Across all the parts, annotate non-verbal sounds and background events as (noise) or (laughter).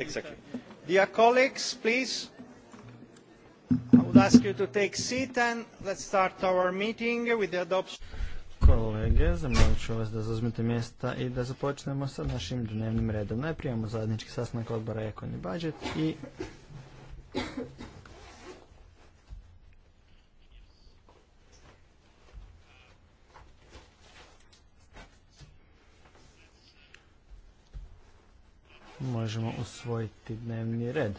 Exactly. Dear colleagues, please, I would ask you to take seat and let's start our meeting with the adoption. Kolege, zamolit ću vas da zauzmete mjesta i da započnemo sa našim dnevnim redom. Najprije imamo zajednički sastanak odbora Ekon i Budget i možemo usvojiti dnevni red.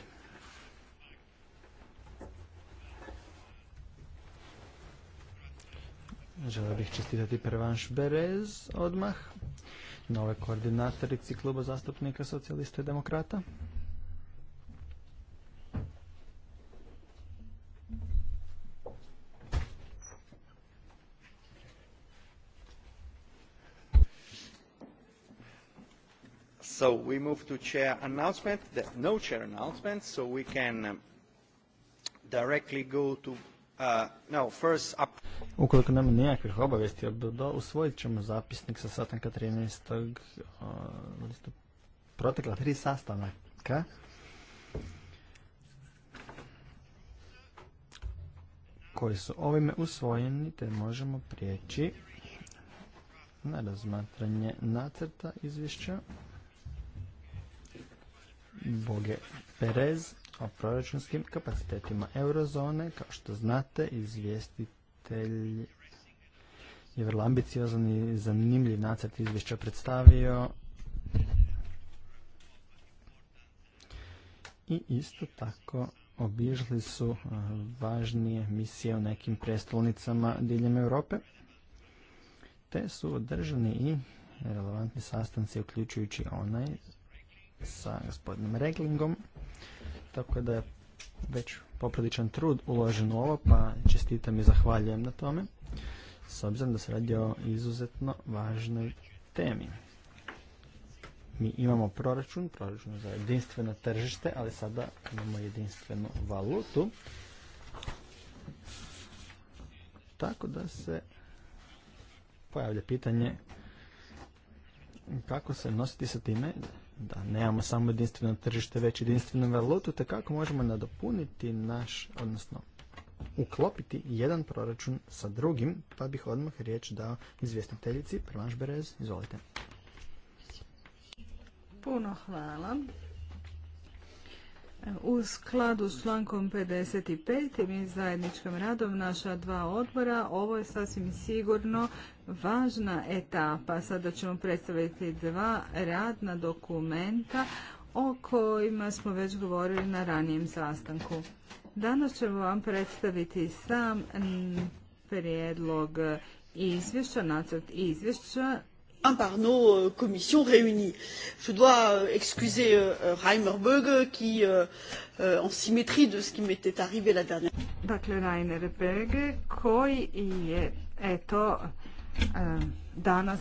Žele bih čestitati Pervanš Berez odmah, nove koordinatorici kluba zastupnika socijalista i demokrata. move to chair announcement. There no chair announcement, so we can um, directly go to uh, no, first up. Ukoliko nema nijakvih obavijesti, usvojit ćemo zapisnik sa satanka 13. Uh, protekla tri sastanaka. koji su ovime usvojeni te možemo prijeći na razmatranje nacrta izvješća Boge Perez o proračunskim kapacitetima eurozone. Kao što znate, izvjestitelj je vrlo ambiciozan i zanimljiv nacrt izvješća predstavio. I isto tako obišli su važnije misije u nekim prestolnicama diljem Europe, te su održani i relevantni sastanci uključujući onaj sa gospodinom Reglingom, tako da je već popriličan trud uložen u ovo, pa čestitam i zahvaljujem na tome, s obzirom da se radi o izuzetno važnoj temi. Mi imamo proračun, proračun za jedinstveno tržište, ali sada imamo jedinstvenu valutu. Tako da se pojavlja pitanje kako se nositi sa time da nemamo samo jedinstveno tržište, već jedinstvenu valutu, te kako možemo nadopuniti naš, odnosno uklopiti jedan proračun sa drugim, pa bih odmah riječ dao izvjestiteljici Prvanš Berez. Izvolite. Puno hvala. U skladu s člankom 55 i zajedničkom radom naša dva odbora, ovo je sasvim sigurno važna etapa. Sada ćemo predstaviti dva radna dokumenta o kojima smo već govorili na ranijem sastanku. Danas ćemo vam predstaviti sam prijedlog izvješća, nacrt izvješća un par nos euh, commissions réunies. je dois euh, excuser euh, reimer bge qui en simétrie de ce qui m'était arrivé la dernière fois dakle Rainer Böge koji je eto danas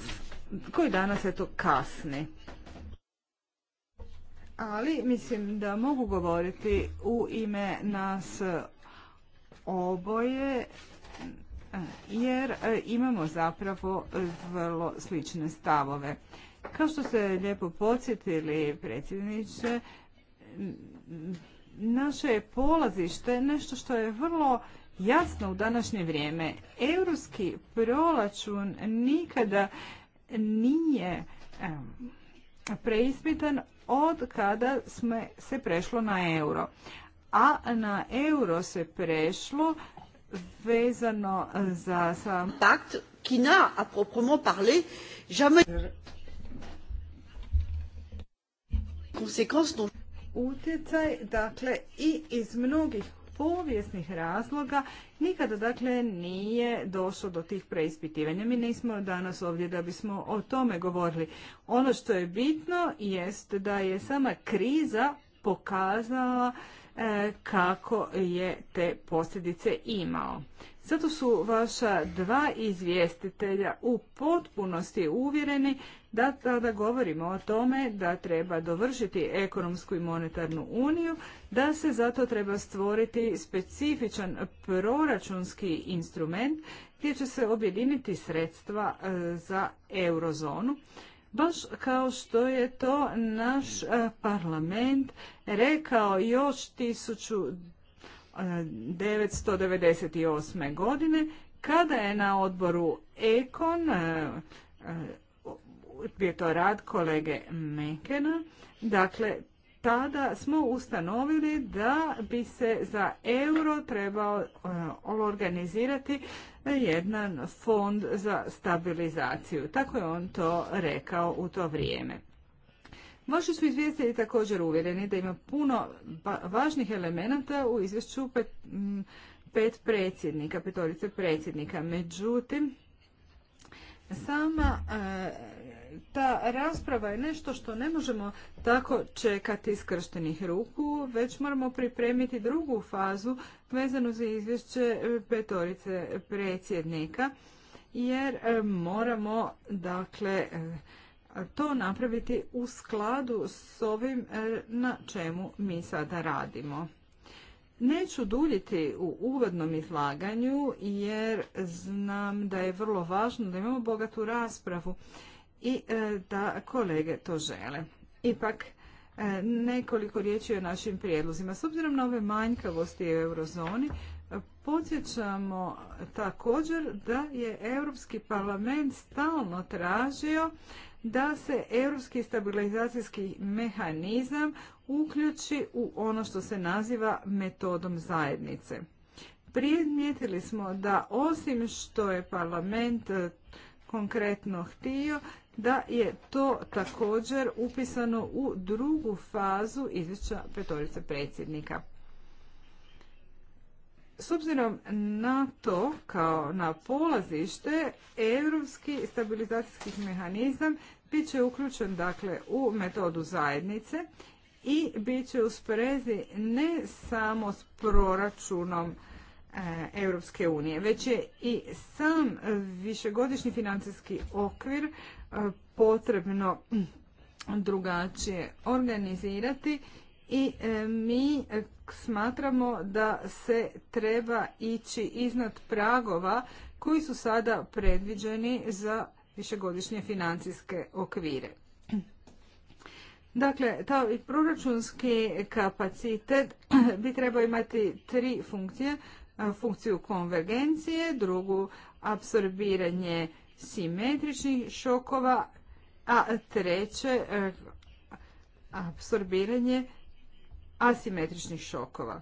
koji danas eto kasni ali mislim da mogu govoriti u ime nas oboje jer e, imamo zapravo vrlo slične stavove. Kao što ste lijepo podsjetili, predsjedniče, naše je nešto što je vrlo jasno u današnje vrijeme. Europski proračun nikada nije preispitan od kada se prešlo na euro. A na euro se prešlo vezano za sam pakt kina n'a proprement parler jamais utjecaj dakle i iz mnogih povijesnih razloga nikada dakle nije došlo do tih preispitivanja. Mi nismo danas ovdje da bismo o tome govorili. Ono što je bitno jest da je sama kriza pokazala E, kako je te posljedice imao. Zato su vaša dva izvjestitelja u potpunosti uvjereni da tada govorimo o tome da treba dovršiti ekonomsku i monetarnu uniju, da se zato treba stvoriti specifičan proračunski instrument gdje će se objediniti sredstva e, za eurozonu, baš kao što je to naš e, parlament rekao još 1998. E, godine kada je na odboru Ekon e, bio to rad kolege Mekena, dakle tada smo ustanovili da bi se za euro trebao e, organizirati jedan fond za stabilizaciju. Tako je on to rekao u to vrijeme. Možda su izvjestitelji također uvjereni da ima puno važnih elemenata u izvješću pet, pet predsjednika, petorice predsjednika. Međutim, sama e, ta rasprava je nešto što ne možemo tako čekati iskrštenih ruku, već moramo pripremiti drugu fazu vezanu za izvješće e, petorice predsjednika, jer e, moramo dakle e, to napraviti u skladu s ovim na čemu mi sada radimo. Neću duljiti u uvodnom izlaganju jer znam da je vrlo važno da imamo bogatu raspravu i e, da kolege to žele. Ipak, e, nekoliko riječi o našim prijedlozima. S obzirom na ove manjkavosti u eurozoni, podsjećamo također da je Europski parlament stalno tražio da se Europski stabilizacijski mehanizam uključi u ono što se naziva metodom zajednice. Primijetili smo da osim što je parlament konkretno htio, da je to također upisano u drugu fazu izvješća petorice predsjednika. S obzirom na to kao na polazište, europski stabilizacijski mehanizam bit će uključen dakle, u metodu zajednice i bit će u sprezi ne samo s proračunom E, Europske unije, već je i sam višegodišnji financijski okvir e, potrebno mm, drugačije organizirati i e, mi smatramo da se treba ići iznad pragova koji su sada predviđeni za višegodišnje financijske okvire. Dakle, ta proračunski kapacitet bi trebao imati tri funkcije, funkciju konvergencije, drugu apsorbiranje simetričnih šokova, a treće e, apsorbiranje asimetričnih šokova.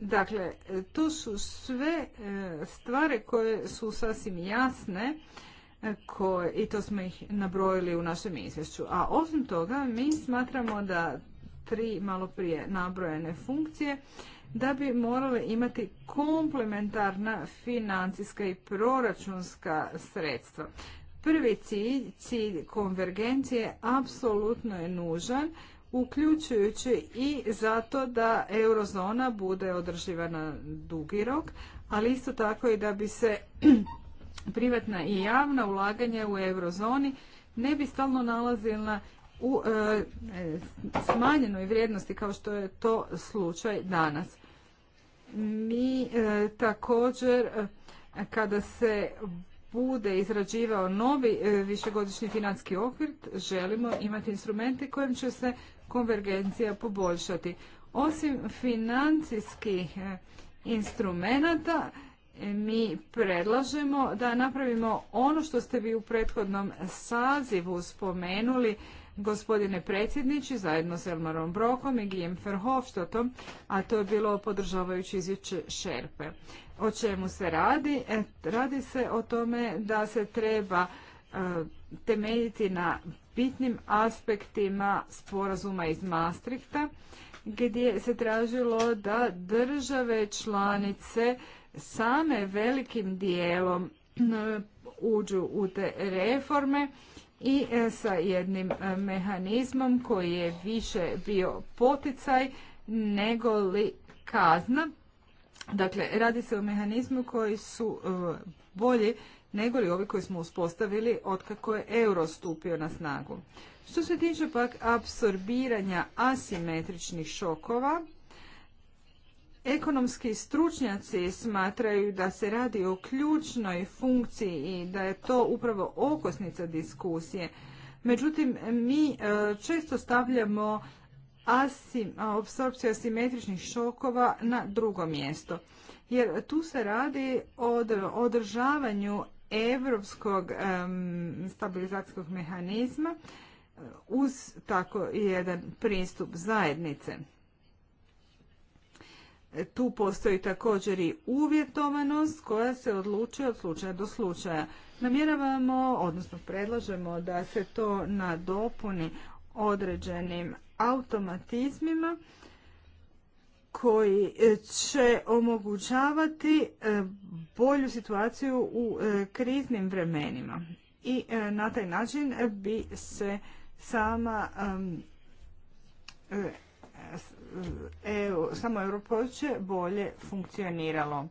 Dakle, to su sve e, stvari koje su sasvim jasne e, koje, i to smo ih nabrojili u našem izvješću. A osim toga, mi smatramo da tri malo prije nabrojene funkcije da bi morale imati komplementarna financijska i proračunska sredstva. Prvi cilj, cilj konvergencije, apsolutno je nužan, uključujući i zato da eurozona bude održiva na dugi rok, ali isto tako i da bi se (clears throat) privatna i javna ulaganja u eurozoni ne bi stalno nalazila u e, e, smanjenoj vrijednosti kao što je to slučaj danas. Mi e, također e, kada se bude izrađivao novi e, višegodišnji financijski okvir, želimo imati instrumente kojim će se konvergencija poboljšati. Osim financijskih instrumenata, mi predlažemo da napravimo ono što ste vi u prethodnom sazivu spomenuli, gospodine predsjedniče, zajedno s Elmarom Brokom i Gijem a to je bilo podržavajući izvješće Šerpe. O čemu se radi? E, radi se o tome da se treba e, temeljiti na bitnim aspektima sporazuma iz Maastrichta, gdje se tražilo da države članice same velikim dijelom e, uđu u te reforme i e, sa jednim e, mehanizmom koji je više bio poticaj nego li kazna. Dakle, radi se o mehanizmu koji su e, bolji nego li ovi koji smo uspostavili otkako je euro stupio na snagu. Što se tiče pak apsorbiranja asimetričnih šokova, Ekonomski stručnjaci smatraju da se radi o ključnoj funkciji i da je to upravo okosnica diskusije. Međutim, mi e, često stavljamo asim, apsorpciju asimetričnih šokova na drugo mjesto. Jer tu se radi o održavanju evropskog stabilizacijskog mehanizma e, uz tako jedan pristup zajednice. Tu postoji također i uvjetovanost koja se odlučuje od slučaja do slučaja. Namjeravamo, odnosno predlažemo da se to nadopuni određenim automatizmima koji će omogućavati e, bolju situaciju u e, kriznim vremenima. I e, na taj način bi se sama samo europodručje bolje funkcioniralo.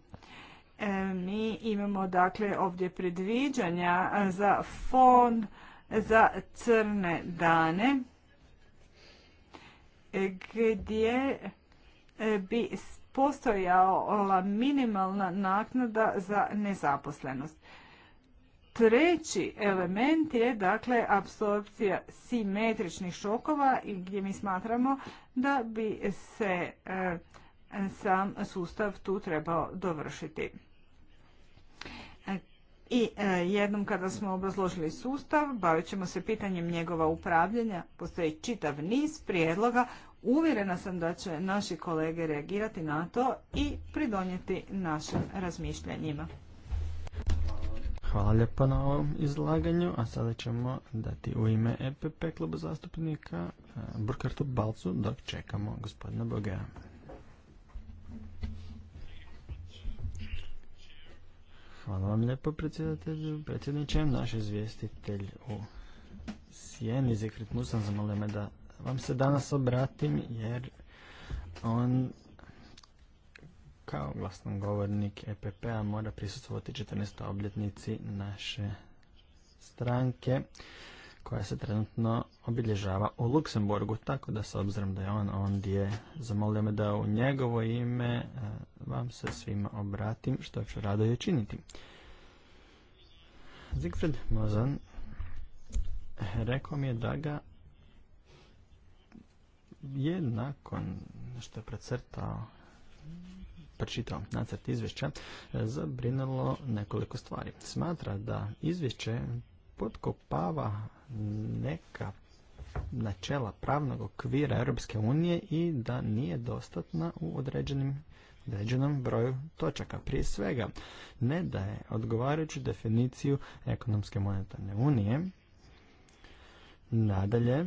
E, mi imamo dakle ovdje predviđanja za fond za crne dane gdje e, bi postojala minimalna naknada za nezaposlenost treći element je dakle apsorpcija simetričnih šokova i gdje mi smatramo da bi se e, sam sustav tu trebao dovršiti. I e, jednom kada smo obrazložili sustav, bavit ćemo se pitanjem njegova upravljanja. Postoji čitav niz prijedloga. Uvjerena sam da će naši kolege reagirati na to i pridonijeti našim razmišljanjima. Hvala lijepo na ovom izlaganju, a sada ćemo dati u ime EPP kluba zastupnika e, Burkartu Balcu dok čekamo gospodina Bogea. Hvala vam lijepo predsjedatelju, predsjedniče, naš izvjestitelj u sjeni Zekrit Musan, zamolio me da vam se danas obratim jer on kao govornik EPP-a mora prisustvovati 14. obljetnici naše stranke koja se trenutno obilježava u Luksemburgu, tako da s obzirom da je on ondje, zamolio me da u njegovo ime e, vam se svima obratim, što ću rado i učiniti. Zigfred Mozan rekao mi je da ga je nakon što je precrtao pročitao nacrt izvješća, e, zabrinulo nekoliko stvari. Smatra da izvješće potkopava neka načela pravnog okvira Europske unije i da nije dostatna u određenim određenom broju točaka. Prije svega, ne daje odgovarajuću definiciju ekonomske monetarne unije. Nadalje,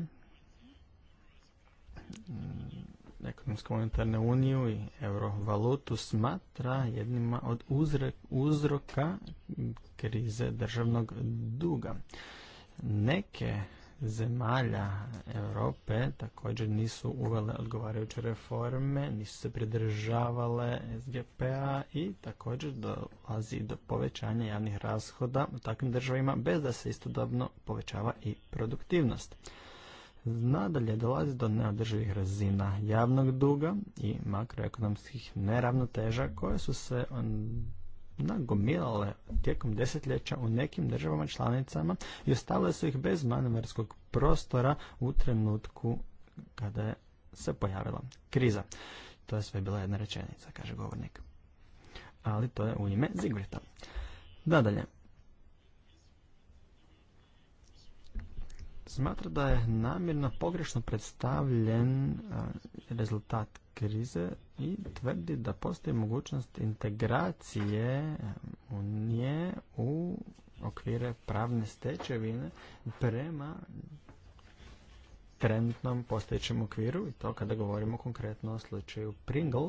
ekonomsku monetarnu uniju i eurovalutu smatra jednima od uzroka krize državnog duga. Neke zemalja Europe također nisu uvele odgovarajuće reforme, nisu se pridržavale sgp p-a i također dolazi do povećanja javnih rashoda u takvim državima bez da se istodobno povećava i produktivnost. Nadalje dolazi do neodrživih razina javnog duga i makroekonomskih neravnoteža koje su se um, nagomilale tijekom desetljeća u nekim državama članicama i ostavile su ih bez manevarskog prostora u trenutku kada je se pojavila kriza. To je sve bila jedna rečenica, kaže govornik. Ali to je u ime Zigvrita. Nadalje, smatra da je namjerno pogrešno predstavljen rezultat krize i tvrdi da postoji mogućnost integracije unije u okvire pravne stečevine prema trenutnom postojećem okviru i to kada govorimo konkretno o slučaju Pringle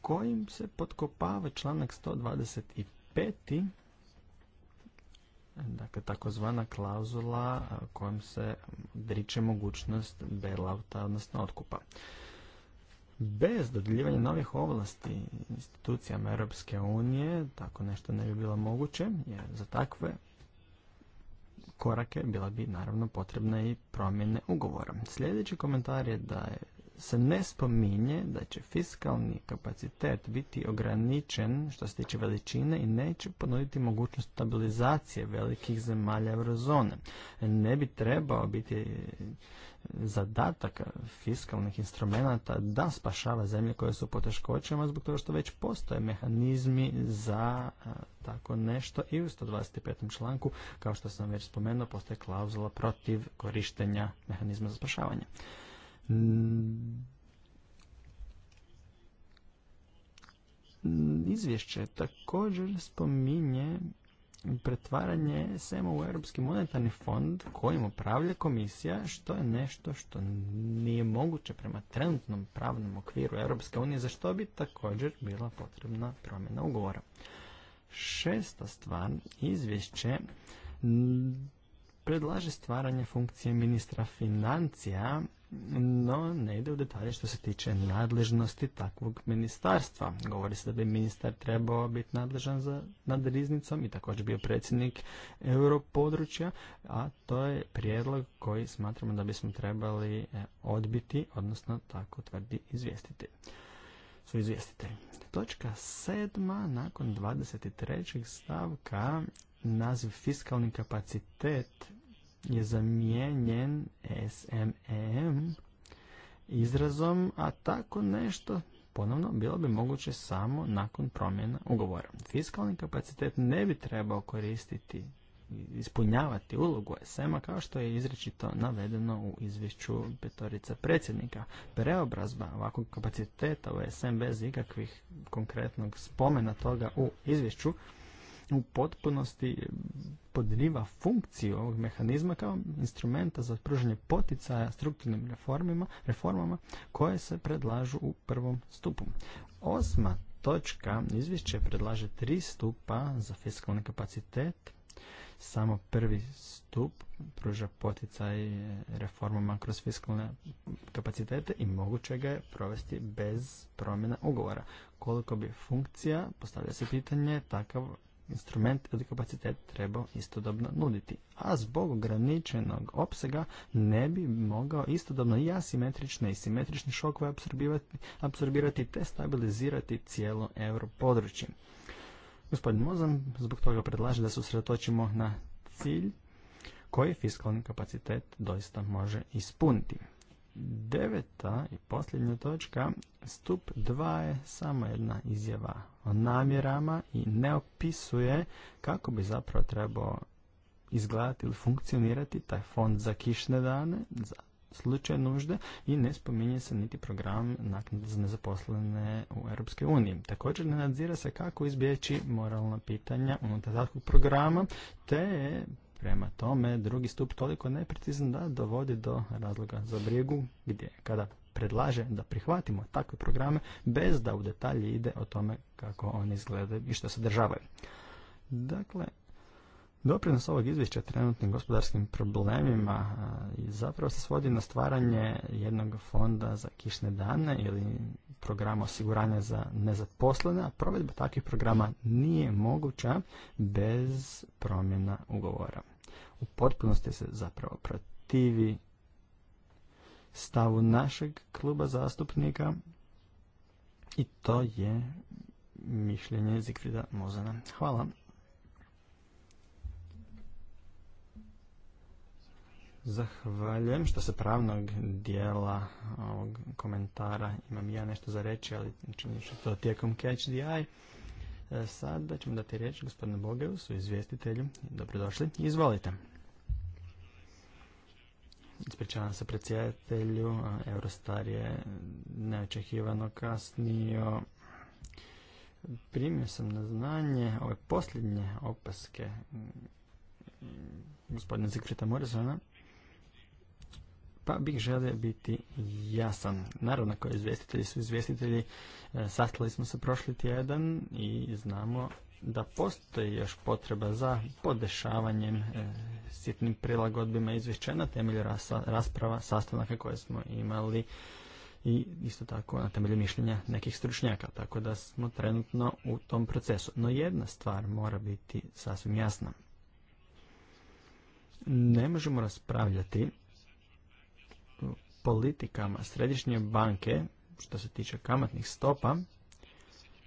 kojim se potkopava članak 125 dakle takozvana klauzula kojom se driče mogućnost bailouta, odnosno otkupa. Bez dodjeljivanja novih ovlasti institucijama Europske unije tako nešto ne bi bilo moguće, jer za takve korake bila bi naravno potrebna i promjene ugovora. Sljedeći komentar je da je se ne spominje da će fiskalni kapacitet biti ograničen što se tiče veličine i neće ponuditi mogućnost stabilizacije velikih zemalja eurozone. Ne bi trebao biti zadatak fiskalnih instrumenata da spašava zemlje koje su u poteškoćama zbog toga što već postoje mehanizmi za tako nešto i u 125. članku, kao što sam već spomenuo, postoje klauzula protiv korištenja mehanizma za spašavanje. Mm. Izvješće također spominje pretvaranje SEMA u Europski monetarni fond kojim upravlja komisija, što je nešto što nije moguće prema trenutnom pravnom okviru Europske unije, za što bi također bila potrebna promjena ugovora. Šesta stvar, izvješće mm, predlaže stvaranje funkcije ministra financija no ne ide u detalje što se tiče nadležnosti takvog ministarstva. Govori se da bi ministar trebao biti nadležan za nad riznicom i također bio predsjednik europodručja, a to je prijedlog koji smatramo da bismo trebali e, odbiti, odnosno tako tvrdi izvjestitelj su izvjestitelji. Točka sedma, nakon 23. stavka, naziv fiskalni kapacitet je zamijenjen SMM e izrazom, a tako nešto ponovno bilo bi moguće samo nakon promjena ugovora. Fiskalni kapacitet ne bi trebao koristiti ispunjavati ulogu SM-a e, kao što je izrečito navedeno u izvješću petorica predsjednika. Preobrazba ovakvog kapaciteta u SM e bez ikakvih konkretnog spomena toga u izvješću u potpunosti podriva funkciju ovog mehanizma kao instrumenta za pruženje poticaja strukturnim reformima, reformama koje se predlažu u prvom stupu. Osma točka izvješće predlaže tri stupa za fiskalni kapacitet. Samo prvi stup pruža poticaj reformama kroz fiskalne kapacitete i moguće ga je provesti bez promjena ugovora. Koliko bi funkcija, postavlja se pitanje, takav instrument ili kapacitet trebao istodobno nuditi, a zbog ograničenog opsega ne bi mogao istodobno i asimetrične i simetrične šokove apsorbirati, te stabilizirati cijelo euro područje. Gospodin Mozan zbog toga predlaže da se usredotočimo na cilj koji fiskalni kapacitet doista može ispuniti deveta i posljednja točka, stup 2 je samo jedna izjava o namjerama i ne opisuje kako bi zapravo trebao izgledati ili funkcionirati taj fond za kišne dane, za slučaj nužde i ne spominje se niti program naknade za nezaposlene u Europskoj uniji. Također ne nadzira se kako izbjeći moralna pitanja unutar takvog programa, te je Prema tome, drugi stup toliko neprecizan da dovodi do razloga za brigu gdje kada predlaže da prihvatimo takve programe bez da u detalji ide o tome kako oni izgledaju i što sadržavaju. Dakle, Doprinos ovog izvješća trenutnim gospodarskim problemima zapravo se svodi na stvaranje jednog fonda za kišne dane ili programa osiguranja za nezaposlene, a provedba takvih programa nije moguća bez promjena ugovora. U potpunosti se zapravo protivi stavu našeg kluba zastupnika i to je mišljenje Zikvida Mozana. Hvala. Zahvaljujem. Što se pravnog dijela ovog komentara imam ja nešto za reći, ali čini se to tijekom Catch the Eye. E, sada ćemo dati riječ gospodinu Bogeusu, izvjestitelju. Dobrodošli. Izvolite. Ispričavam se predsjedatelju. Eurostar je neočekivano kasnio. Primio sam na znanje ove posljednje opaske mm, gospodina Zikrita Morisona pa bih želio biti jasan. Naravno, kao izvjestitelji su izvjestitelji, e, sastali smo se prošli tjedan i znamo da postoji još potreba za podešavanjem e, sitnim prilagodbima izvješća na temelju rasprava, sastanaka koje smo imali i isto tako na temelju mišljenja nekih stručnjaka, tako da smo trenutno u tom procesu. No jedna stvar mora biti sasvim jasna. Ne možemo raspravljati politikama središnje banke, što se tiče kamatnih stopa,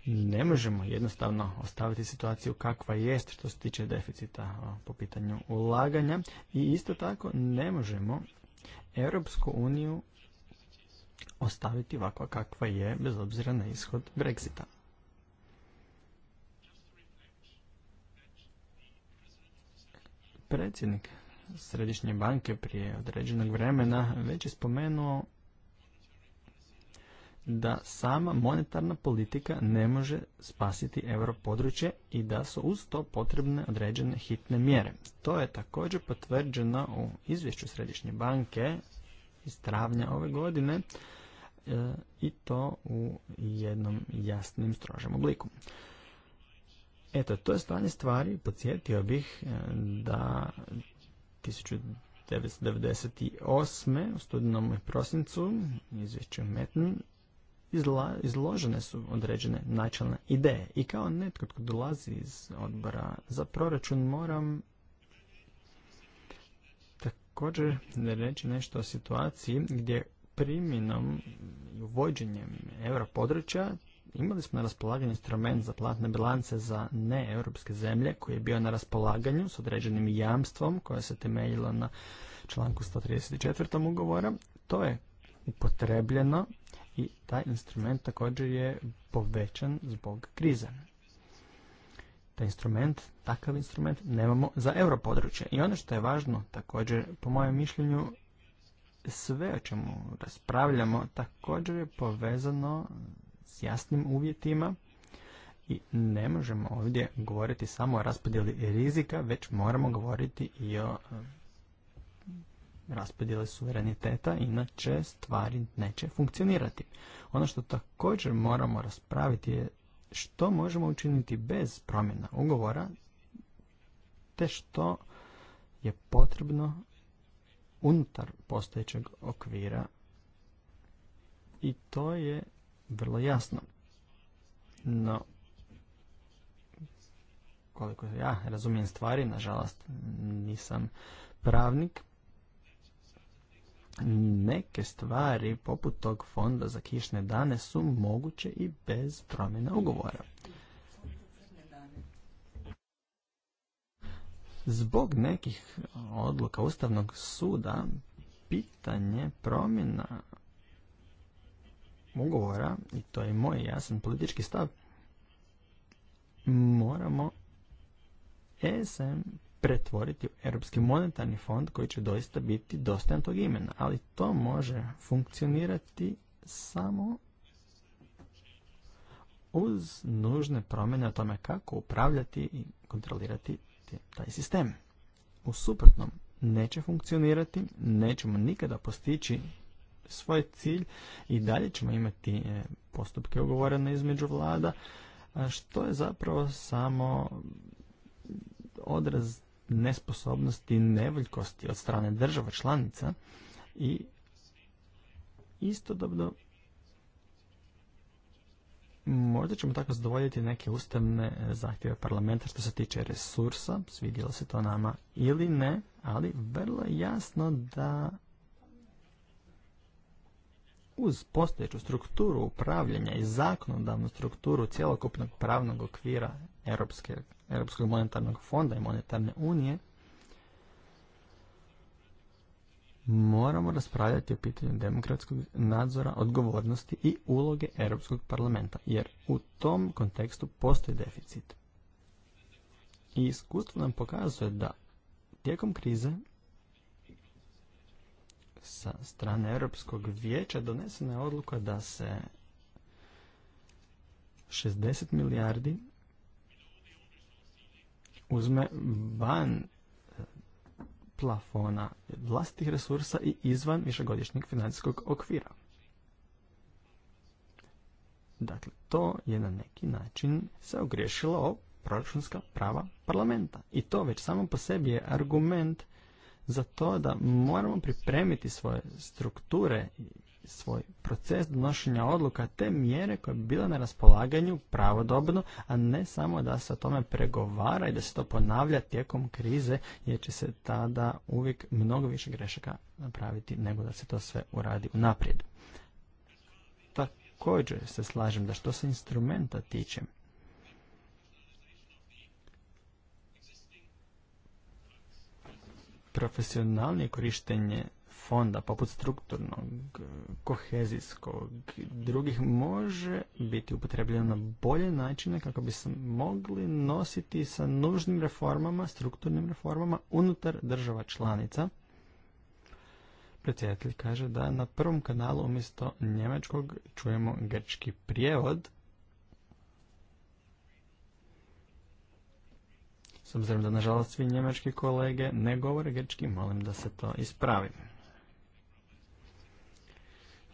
ne možemo jednostavno ostaviti situaciju kakva jest što se tiče deficita po pitanju ulaganja i isto tako ne možemo Europsku uniju ostaviti ovakva kakva je bez obzira na ishod Brexita. Predsjednik središnje banke prije određenog vremena već je spomenuo da sama monetarna politika ne može spasiti europodručje i da su uz to potrebne određene hitne mjere. To je također potvrđeno u izvješću Središnje banke iz travnja ove godine e, i to u jednom jasnim strožem obliku. Eto, to je stanje stvari. Podsjetio bih e, da 1998. u studenom i prosincu, izvješću Metin, izložene su određene načelne ideje. I kao netko tko dolazi iz odbora za proračun moram također reći nešto o situaciji gdje primjenom i uvođenjem imali smo na raspolaganju instrument za platne bilance za neeuropske zemlje koji je bio na raspolaganju s određenim jamstvom koje se temeljilo na članku 134. ugovora. To je upotrebljeno i taj instrument također je povećan zbog krize. Taj instrument, takav instrument nemamo za europodručje. I ono što je važno također, po mojem mišljenju, sve o čemu raspravljamo također je povezano s jasnim uvjetima i ne možemo ovdje govoriti samo o raspodjeli rizika, već moramo govoriti i o eh, raspodjeli suvereniteta, inače stvari neće funkcionirati. Ono što također moramo raspraviti je što možemo učiniti bez promjena ugovora, te što je potrebno unutar postojećeg okvira i to je vrlo jasno. No, koliko ja razumijem stvari, nažalost nisam pravnik, neke stvari poput tog fonda za kišne dane su moguće i bez promjena ugovora. Zbog nekih odluka Ustavnog suda pitanje promjena ugovora, i to je moj jasan politički stav, moramo ESM pretvoriti u Europski monetarni fond koji će doista biti dostajan tog imena. Ali to može funkcionirati samo uz nužne promjene o tome kako upravljati i kontrolirati taj sistem. U suprotnom, neće funkcionirati, nećemo nikada postići svoj cilj i dalje ćemo imati e, postupke ugovorene između vlada, što je zapravo samo odraz nesposobnosti i nevoljkosti od strane država članica i istodobno možda ćemo tako zadovoljiti neke ustavne e, zahtjeve parlamenta što se tiče resursa, svidjelo se to nama ili ne, ali vrlo jasno da uz postojeću strukturu upravljanja i zakonodavnu strukturu cjelokupnog pravnog okvira Europske, Europskog monetarnog fonda i monetarne unije, moramo raspravljati o pitanju demokratskog nadzora, odgovornosti i uloge Europskog parlamenta, jer u tom kontekstu postoji deficit. I iskustvo nam pokazuje da tijekom krize sa strane Europskog vijeća donesena je odluka da se 60 milijardi uzme van e, plafona vlastitih resursa i izvan višegodišnjeg financijskog okvira. Dakle, to je na neki način se ogriješilo o proračunska prava parlamenta. I to već samo po sebi je argument za to da moramo pripremiti svoje strukture i svoj proces donošenja odluka te mjere koje bi bile na raspolaganju pravodobno, a ne samo da se o tome pregovara i da se to ponavlja tijekom krize, jer će se tada uvijek mnogo više grešaka napraviti nego da se to sve uradi unaprijed. Također se slažem da što se instrumenta tiče, profesionalnije korištenje fonda, poput strukturnog, kohezijskog, i drugih, može biti upotrebljeno na bolje načine kako bi se mogli nositi sa nužnim reformama, strukturnim reformama unutar država članica. Predsjedatelj kaže da na prvom kanalu umjesto njemačkog čujemo grčki prijevod, obzirom da nažalost svi njemački kolege ne govore grčki, molim da se to ispravi.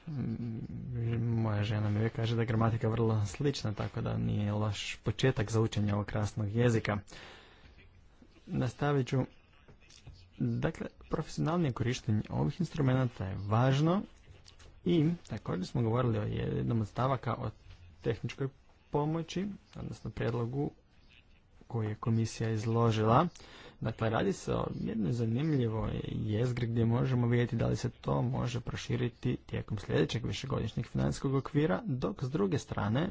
Mm, moja žena mi uvijek kaže da je gramatika vrlo slična, tako da nije loš početak za učenje ovog krasnog jezika. Nastavit ću. Dakle, profesionalnije korištenje ovih instrumenta je važno i također smo govorili o jednom od stavaka o tehničkoj pomoći, odnosno prijedlogu koju je komisija izložila. Dakle, radi se o jednoj zanimljivoj jezgri gdje možemo vidjeti da li se to može proširiti tijekom sljedećeg višegodišnjeg financijskog okvira, dok s druge strane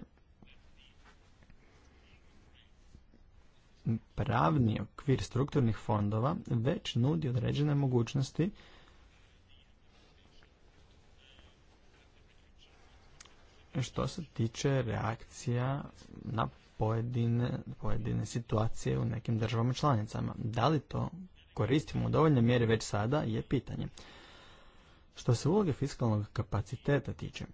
pravni okvir strukturnih fondova već nudi određene mogućnosti što se tiče reakcija na pojedine, pojedine situacije u nekim državama članicama. Da li to koristimo u dovoljnoj mjeri već sada je pitanje. Što se uloge fiskalnog kapaciteta tiče,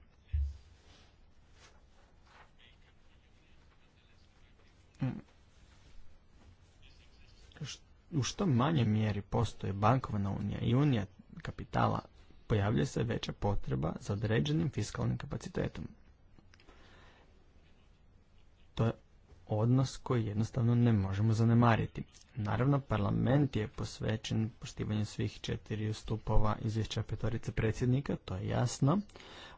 u što manje mjeri postoje bankovna unija i unija kapitala, pojavljuje se veća potreba za određenim fiskalnim kapacitetom. odnos koji jednostavno ne možemo zanemariti. Naravno, parlament je posvećen poštivanju svih četiri stupova izvješća petorice predsjednika, to je jasno.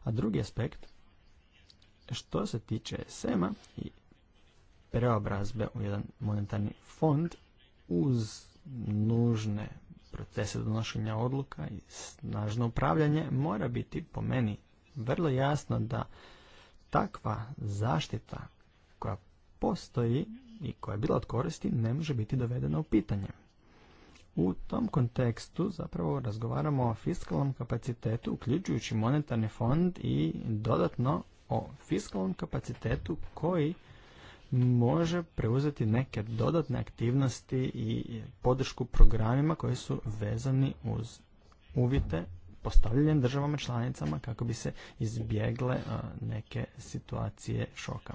A drugi aspekt, što se tiče SEMA i preobrazbe u jedan monetarni fond uz nužne procese donošenja odluka i snažno upravljanje mora biti po meni vrlo jasno da takva zaštita koja postoji i koja je bila od koristi ne može biti dovedena u pitanje. U tom kontekstu zapravo razgovaramo o fiskalnom kapacitetu uključujući monetarni fond i dodatno o fiskalnom kapacitetu koji može preuzeti neke dodatne aktivnosti i podršku programima koji su vezani uz uvjete postavljanjem državama članicama kako bi se izbjegle neke situacije šoka.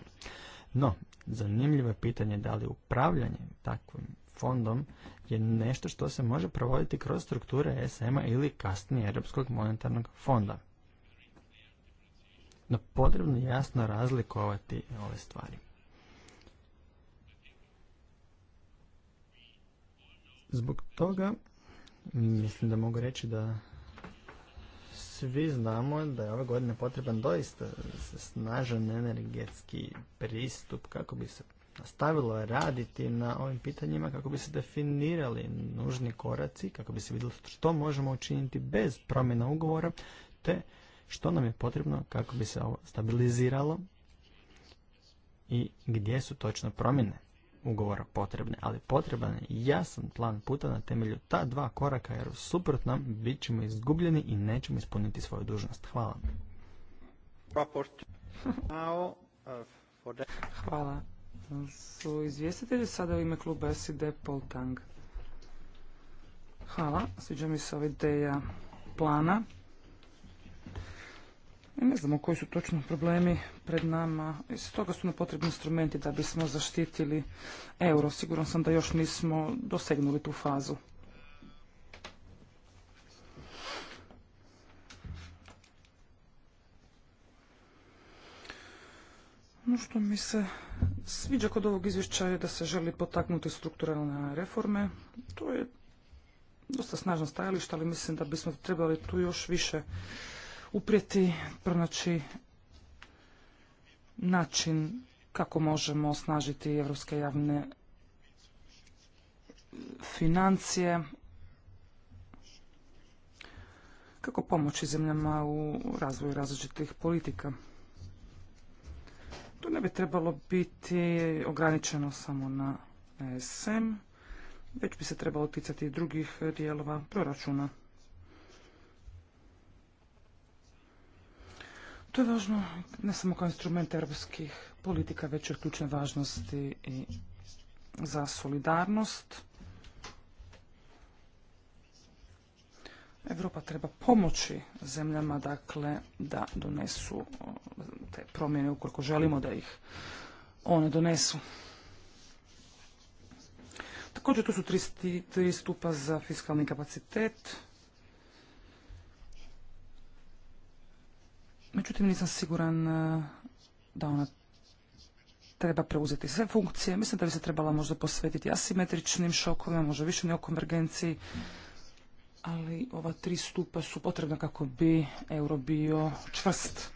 No, zanimljivo je pitanje da li upravljanje takvim fondom je nešto što se može provoditi kroz strukture SM-a ili kasnije Europskog monetarnog fonda. No potrebno je jasno razlikovati ove stvari. Zbog toga mislim da mogu reći da svi znamo da je ove godine potreban doista snažan energetski pristup kako bi se nastavilo raditi na ovim pitanjima, kako bi se definirali nužni koraci, kako bi se vidjelo što možemo učiniti bez promjena ugovora, te što nam je potrebno kako bi se ovo stabiliziralo i gdje su točno promjene ugovora potrebne, ali potreban je jasan plan puta na temelju ta dva koraka jer u suprotnom bit ćemo izgubljeni i nećemo ispuniti svoju dužnost. Hvala. Uh, Hvala. Su izvjestitelji sada u ime kluba SID Poltang. Hvala. Sviđa mi se ova ideja plana ne znamo koji su točno problemi pred nama. Iz toga su nam potrebni instrumenti da bismo zaštitili euro. Siguran sam da još nismo dosegnuli tu fazu. Ono što mi se sviđa kod ovog izvješća je da se želi potaknuti strukturalne reforme. To je dosta snažno stajalište, ali mislim da bismo trebali tu još više uprijeti, pronaći način kako možemo osnažiti evropske javne financije, kako pomoći zemljama u razvoju različitih politika. To ne bi trebalo biti ograničeno samo na e SM, već bi se trebalo ticati i drugih dijelova proračuna. To je važno ne samo kao instrument europskih politika, već je ključne važnosti i za solidarnost. Evropa treba pomoći zemljama dakle da donesu te promjene ukoliko želimo da ih one donesu. Također tu su tri stupa za fiskalni kapacitet. međutim nisam siguran e, da ona treba preuzeti sve funkcije. Mislim da bi se trebala možda posvetiti asimetričnim šokovima, možda više nije o konvergenciji, ali ova tri stupa su potrebna kako bi euro bio čvrst.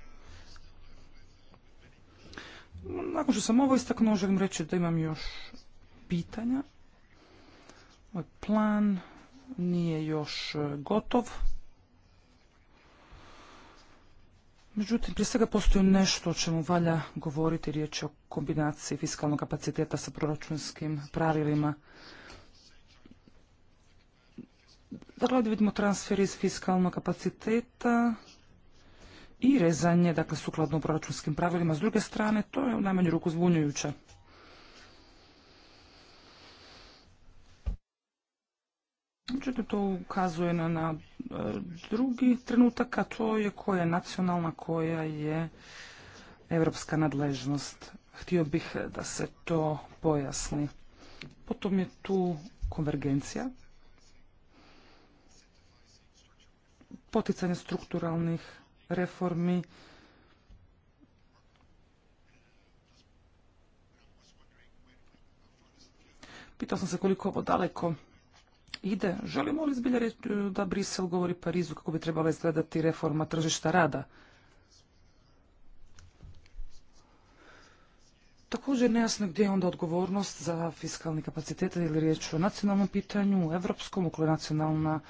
Nakon što sam ovo istaknuo, želim reći da imam još pitanja. Moj plan nije još gotov. Međutim, prije svega postoji nešto o čemu valja govoriti, riječ je o kombinaciji fiskalnog kapaciteta sa proračunskim pravilima. Dakle, ovdje vidimo transfer iz fiskalnog kapaciteta i rezanje, dakle, sukladno proračunskim pravilima. S druge strane, to je u najmanju ruku zbunjujuće. Međutim, to ukazuje na, na e, drugi trenutak, a to je koja je nacionalna, koja je evropska nadležnost. Htio bih e, da se to pojasni. Potom je tu konvergencija, poticanje strukturalnih reformi, Pitao sam se koliko ovo daleko ide. Želimo li zbilja reći e, da Brisel govori Parizu kako bi trebala izgledati reforma tržišta rada? Također nejasno gdje je onda odgovornost za fiskalni kapacitet ili riječ o nacionalnom pitanju, evropskom, ukoliko je nacionalna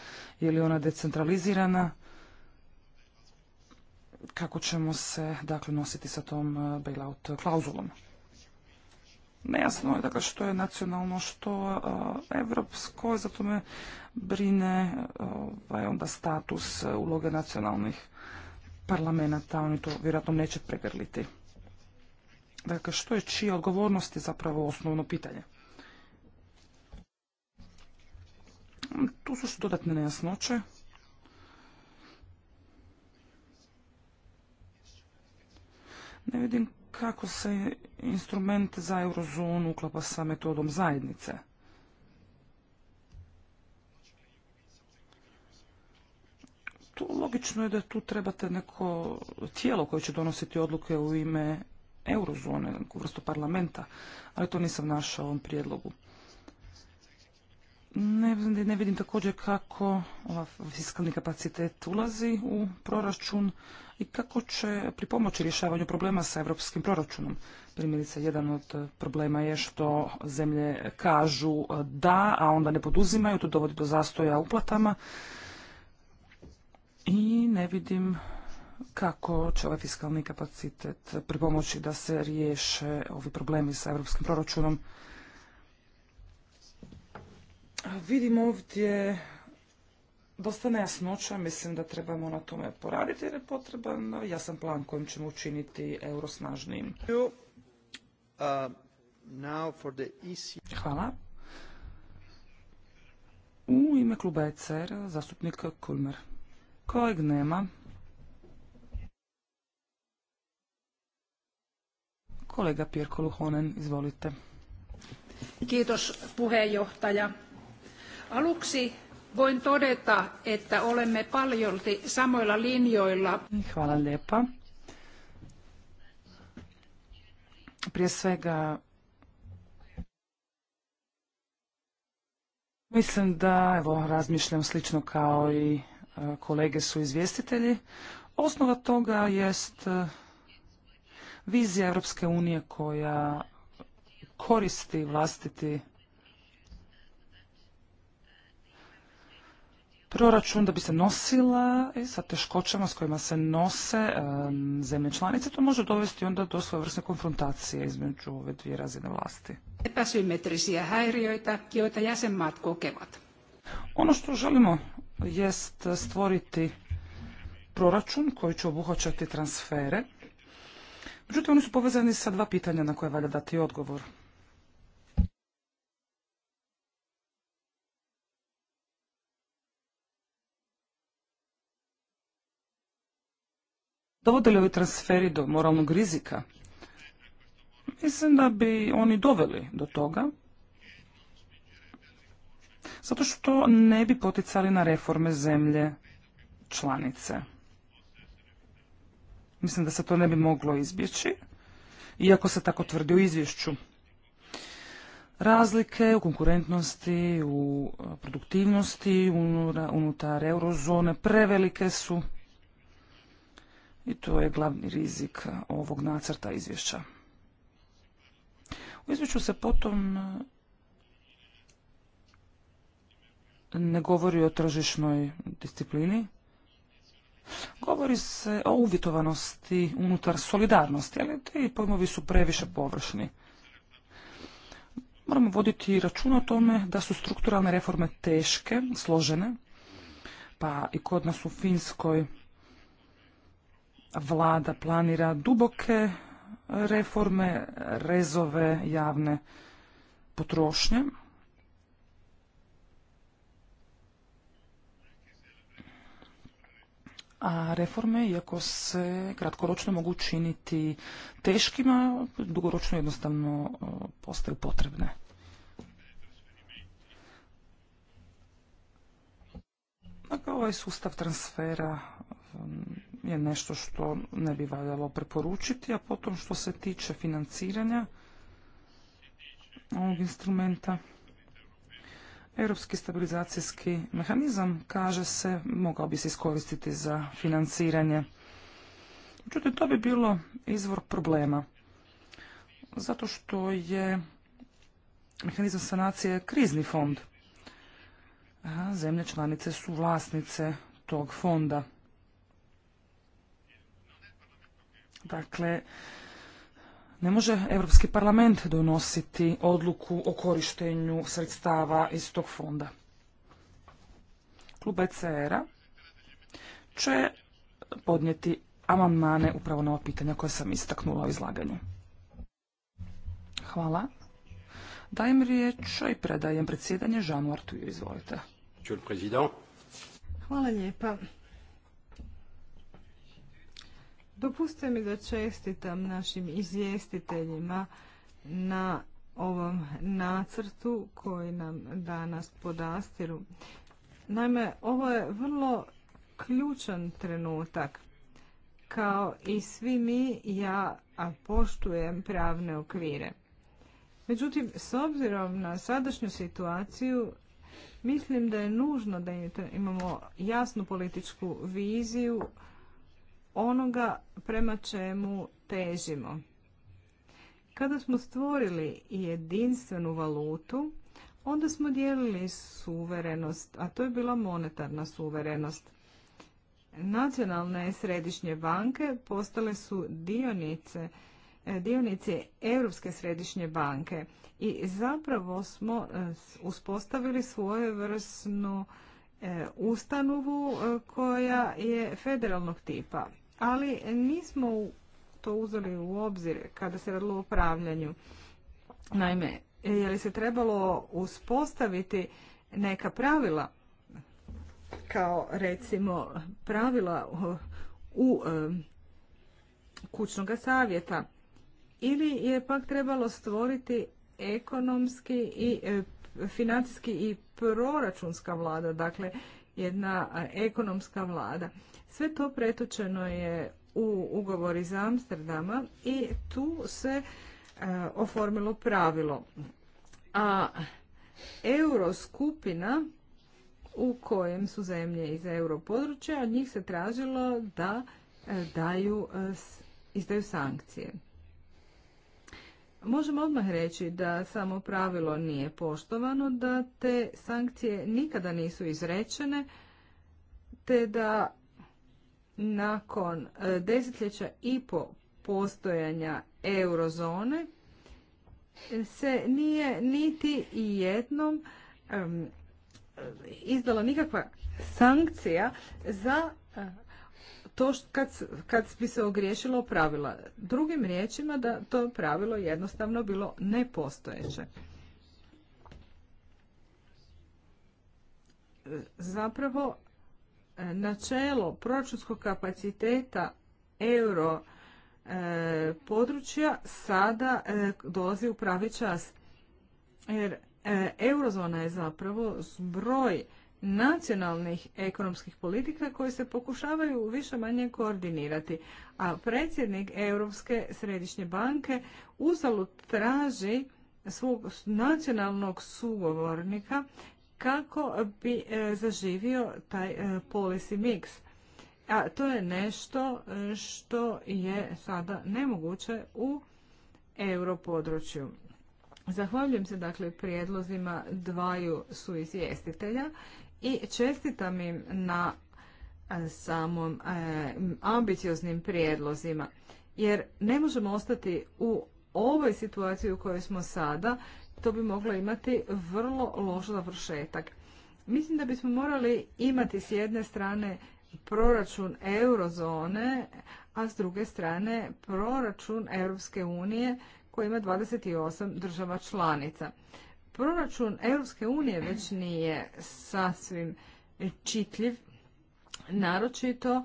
je li ona decentralizirana. Kako ćemo se dakle nositi sa tom e, bailout klauzulom? nejasno je dakle što je nacionalno, što e, evropsko, zato me brine ovaj, onda status e, uloge nacionalnih parlamenta, oni to vjerojatno neće pregrliti. Dakle, što je čija odgovornost je zapravo osnovno pitanje. Tu su što dodatne nejasnoće. Ne vidim kako se instrument za eurozonu uklapa sa metodom zajednice. Tu logično je da tu trebate neko tijelo koje će donositi odluke u ime eurozone, neku vrstu parlamenta, ali to nisam našao u ovom prijedlogu. Ne, vidim također kako ova fiskalni kapacitet ulazi u proračun i kako će pripomoći rješavanju problema sa europskim proračunom. Primjerice, jedan od problema je što zemlje kažu da, a onda ne poduzimaju, to dovodi do zastoja uplatama i ne vidim kako će ovaj fiskalni kapacitet pripomoći da se riješe ovi problemi sa europskim proračunom. Vidim ovdje dosta nejasnoća, mislim da trebamo na tome poraditi jer je potreban jasan plan kojim ćemo učiniti euro snažnijim. Uh, e Hvala. U ime kluba ECR, zastupnik Kulmer. Kojeg nema. Kolega pirko Honen, izvolite. Kiitos puheenjohtaja. Aluksi voin todeta, että olemme paljolti samoilla linjoilla. Hvala lijepa. Prije svega Mislim da, evo, razmišljam slično kao i e, kolege su izvjestitelji. Osnova toga jest e, vizija Europske unije koja koristi vlastiti proračun da bi se nosila i e, sa teškoćama s kojima se nose zemlje članice, to može dovesti onda do svojevrsne konfrontacije između ove dvije razine vlasti. hajrijojta, joita matko Ono što želimo jest stvoriti proračun koji će obuhvaćati transfere. Međutim, oni su povezani sa dva pitanja na koje valja dati odgovor. Dovode ovi transferi do moralnog rizika? Mislim da bi oni doveli do toga, zato što ne bi poticali na reforme zemlje članice. Mislim da se to ne bi moglo izbjeći, iako se tako tvrdi u izvješću. Razlike u konkurentnosti, u produktivnosti unutar eurozone prevelike su i to je glavni rizik ovog nacrta izvješća. U izvješću se potom e, ne govori o tržišnoj disciplini, govori se o uvjetovanosti unutar solidarnosti, ali ti pojmovi su previše površni. Moramo voditi računa o tome da su strukturalne reforme teške, složene, pa i kod nas u Finskoj vlada planira duboke reforme, rezove javne potrošnje. A reforme, iako se kratkoročno mogu činiti teškima, dugoročno jednostavno e, postaju potrebne. Dakle, ovaj sustav transfera je nešto što ne bi valjalo preporučiti, a potom što se tiče financiranja ovog instrumenta, Europski stabilizacijski mehanizam, kaže se, mogao bi se iskoristiti za financiranje. Međutim, to bi bilo izvor problema, zato što je mehanizam sanacije krizni fond, zemlje članice su vlasnice tog fonda. Dakle, ne može Europski parlament donositi odluku o korištenju sredstava iz tog fonda. Klub ECR-a će podnijeti amandmane upravo na ova pitanja koja sam istaknula u izlaganju. Hvala. Dajem riječ i predajem predsjedanje Žanu Artuju. Izvolite. Hvala lijepa. Dopustite mi da čestitam našim izvjestiteljima na ovom nacrtu koji nam danas podastiru. Naime, ovo je vrlo ključan trenutak. Kao i svi mi, ja poštujem pravne okvire. Međutim, s obzirom na sadašnju situaciju, mislim da je nužno da imamo jasnu političku viziju onoga prema čemu težimo. Kada smo stvorili jedinstvenu valutu, onda smo dijelili suverenost, a to je bila monetarna suverenost. Nacionalne središnje banke postale su dionice e, dionice Europske središnje banke i zapravo smo e, uspostavili svojevrsnu e, ustanovu koja je federalnog tipa ali nismo to uzeli u obzir kada se radilo o upravljanju. Naime, je li se trebalo uspostaviti neka pravila, kao recimo pravila u kućnog savjeta, ili je pak trebalo stvoriti ekonomski i financijski i proračunska vlada, dakle jedna ekonomska vlada. Sve to pretočeno je u ugovor iz Amsterdama i tu se e, oformilo pravilo. A euroskupina u kojem su zemlje iz europodručja, od njih se tražilo da e, daju, e, izdaju sankcije. Možemo odmah reći da samo pravilo nije poštovano, da te sankcije nikada nisu izrečene, te da nakon e, desetljeća i po postojanja eurozone se nije niti jednom izdala nikakva sankcija za to kad, kad bi se ogriješilo pravila. Drugim riječima da to pravilo jednostavno bilo nepostojeće. Zapravo e, načelo proračunskog kapaciteta euro e, područja sada e, dolazi u pravi čas. Jer e, eurozona je zapravo zbroj nacionalnih ekonomskih politika koje se pokušavaju više manje koordinirati. A predsjednik Europske središnje banke uzalud traži svog nacionalnog sugovornika kako bi e, zaživio taj e, policy mix. A to je nešto e, što je sada nemoguće u europodručju. Zahvaljujem se dakle prijedlozima dvaju su izvjestitelja i čestitam im na e, samom e, ambicioznim prijedlozima. Jer ne možemo ostati u ovoj situaciji u kojoj smo sada, to bi moglo imati vrlo loš završetak. Mislim da bismo morali imati s jedne strane proračun eurozone, a s druge strane proračun Europske unije koji ima 28 država članica proračun Europske unije već nije sasvim čitljiv, naročito e,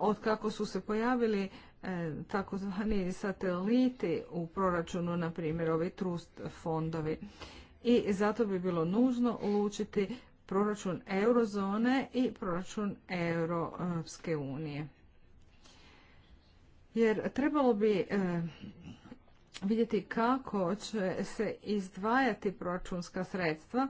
od kako su se pojavili e, takozvani sateliti u proračunu, na primjer ovi trust fondovi. I zato bi bilo nužno ulučiti proračun eurozone i proračun Europske unije. Jer trebalo bi e, vidjeti kako će se izdvajati proračunska sredstva.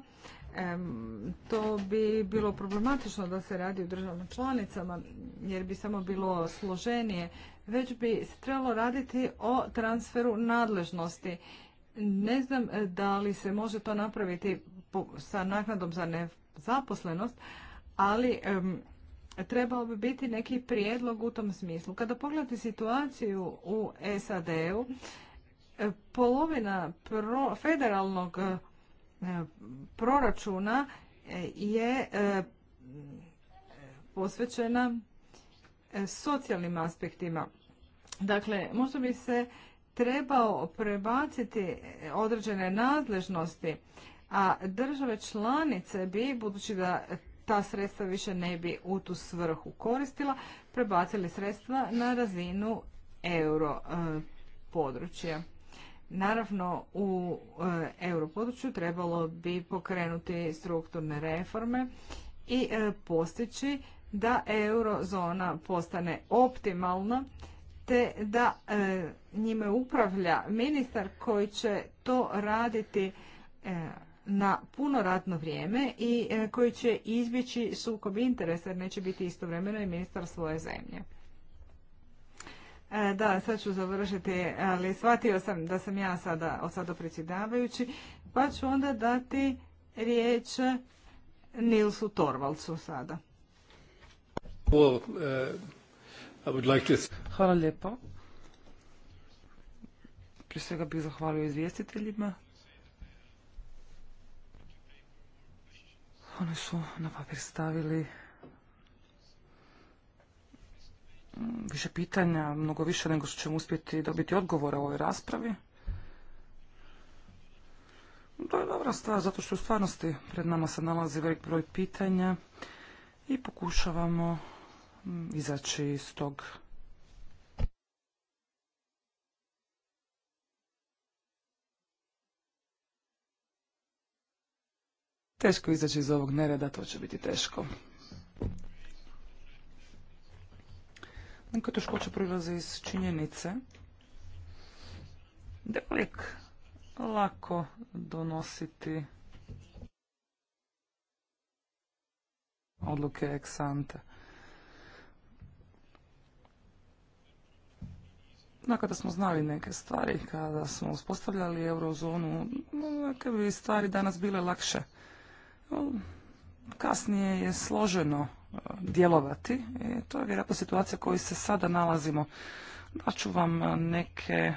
to bi bilo problematično da se radi u državnim članicama jer bi samo bilo složenije, već bi se trebalo raditi o transferu nadležnosti. Ne znam e, da li se može to napraviti sa naknadom za nezaposlenost, ali trebao bi biti neki prijedlog u tom smislu. Kada pogledate situaciju u SAD-u, polovina federalnog e, proračuna e, je e, posvećena socijalnim aspektima. Dakle, možda bi se trebao prebaciti određene nadležnosti, a države članice bi, budući da ta sredstva više ne bi u tu svrhu koristila, prebacili sredstva na razinu euro područja. Naravno, u e, europodručju trebalo bi pokrenuti strukturne reforme i e, postići da eurozona postane optimalna te da e, njime upravlja ministar koji će to raditi na puno radno vrijeme i koji će izbjeći sukob interesa jer neće biti istovremeno i ministar svoje zemlje. E, da, sad ću završiti, ali shvatio sam da sam ja sada, od sada predsjedavajući, pa ću onda dati riječ Nilsu Torvalcu sada. Uh, Hvala lijepo. Prije svega bih zahvalio izvjestiteljima. Oni su na papir stavili Mm, više pitanja, mnogo više nego što ćemo uspjeti dobiti odgovore u ovoj raspravi. To je dobra stvar, zato što u stvarnosti pred nama se nalazi velik broj pitanja i pokušavamo mm, izaći iz tog Teško izaći iz ovog nereda, to će biti teško. Neka teškoća prilaze iz činjenice da je uvijek lako donositi odluke eksante. Da, smo znali neke stvari, kada smo uspostavljali eurozonu, neke bi stvari danas bile lakše. Kasnije je složeno djelovati. to je vjerojatno situacija u kojoj se sada nalazimo. ću vam neke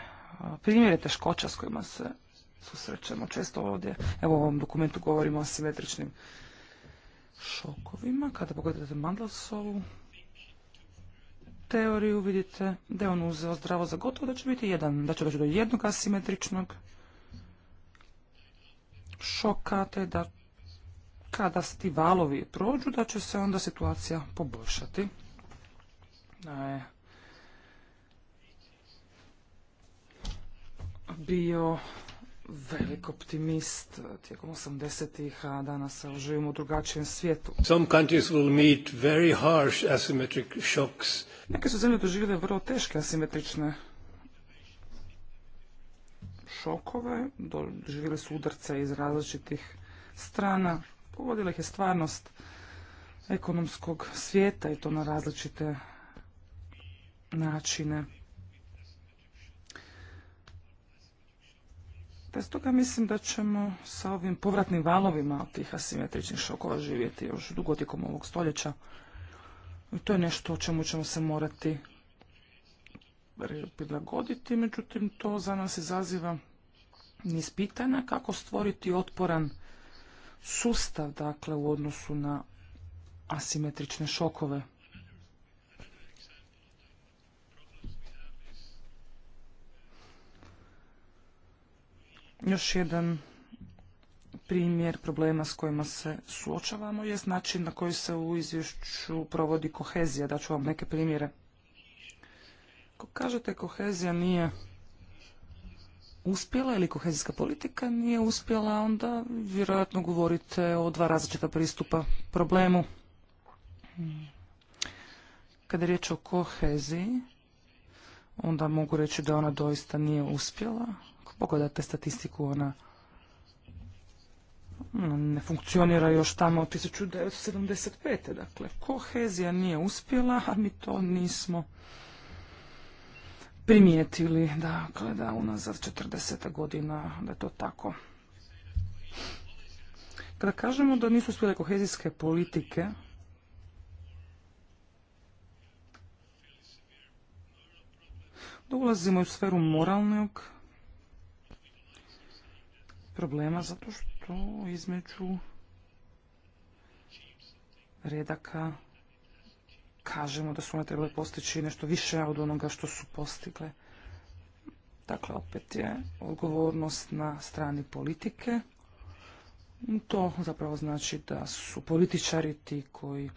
primjere teškoća s kojima se susrećemo često ovdje. Evo u ovom dokumentu govorimo o simetričnim šokovima. Kada pogledate Mandelsovu teoriju vidite da je on uzeo zdravo za gotovo da će biti jedan, da će doći do jednog asimetričnog šoka te da kada ti valovi prođu, da će se onda situacija poboljšati. bio velik optimist tijekom 80-ih, a danas živimo u drugačijem svijetu. Some Neke su zemlje doživjele vrlo teške asimetrične šokove, doživjeli su udarce iz različitih strana pogodila ih je stvarnost ekonomskog svijeta i to na različite načine. Te stoga mislim da ćemo sa ovim povratnim valovima od tih asimetričnih šokova živjeti još dugotikom ovog stoljeća. I to je nešto o čemu ćemo se morati prilagoditi, međutim to za nas izaziva niz pitanja kako stvoriti otporan sustav dakle u odnosu na asimetrične šokove. Još jedan primjer problema s kojima se suočavamo je način na koji se u izvješću provodi kohezija. Daću vam neke primjere. Ako kažete kohezija nije uspjela ili kohezijska politika nije uspjela, onda vjerojatno govorite o dva različita pristupa problemu. Kada je riječ o koheziji, onda mogu reći da ona doista nije uspjela. Ako pogledate statistiku, ona ne funkcionira još tamo od 1975. Dakle, kohezija nije uspjela, a mi to nismo primijetili dakle, da unazad 40 godina da je to tako. Kada kažemo da nisu uspjele kohezijske politike, da ulazimo u sferu moralnog problema zato što između redaka kažemo da su one trebale postići nešto više od onoga što su postigle. Dakle, opet je odgovornost na strani politike. To zapravo znači da su političari ti koji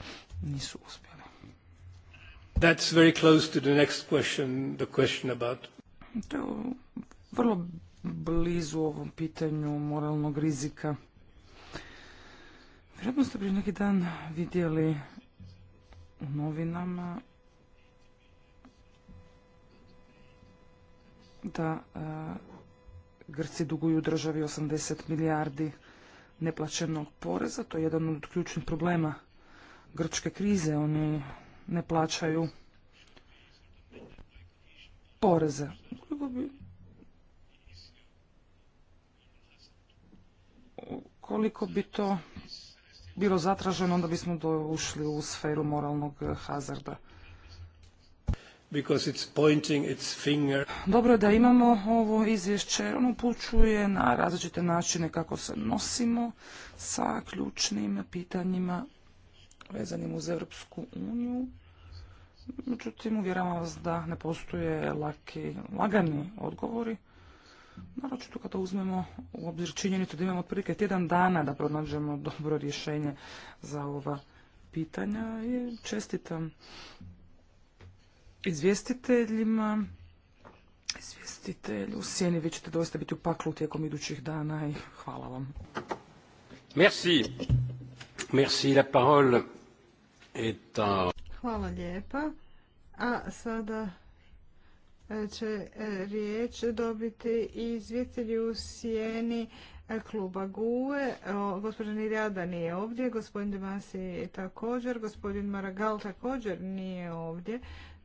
nisu uspjeli. That's very close to the next question, the question about... To je vrlo blizu ovom pitanju moralnog rizika. Vjerojatno ste prije neki dan vidjeli u novinama da e, Grci duguju državi 80 milijardi neplaćenog poreza. To je jedan od ključnih problema grčke krize. Oni ne plaćaju poreze. Koliko bi to bilo zatraženo, onda bismo ušli u sferu moralnog eh, hazarda. Dobro je da imamo ovo izvješće, ono upućuje na različite načine kako se nosimo sa ključnim pitanjima vezanim uz Europsku uniju. Međutim, uvjeravam vas da ne postoje laki, lagani odgovori. Naročito kada uzmemo u obzir činjenicu da imamo otprilike tjedan dana da pronađemo (laughs) dobro rješenje za ova pitanja i čestitam izvjestiteljima. izvjestitelju, u sjeni, vi ćete doista biti u paklu tijekom idućih dana i hvala vam. Merci. Merci, la parole Hvala lijepa. A sada će e, riječ dobiti i izvjetelji u sjeni e, kluba GUE. Gospodin Irjada nije ovdje, gospodin Demasi također, gospodin Maragal također nije ovdje.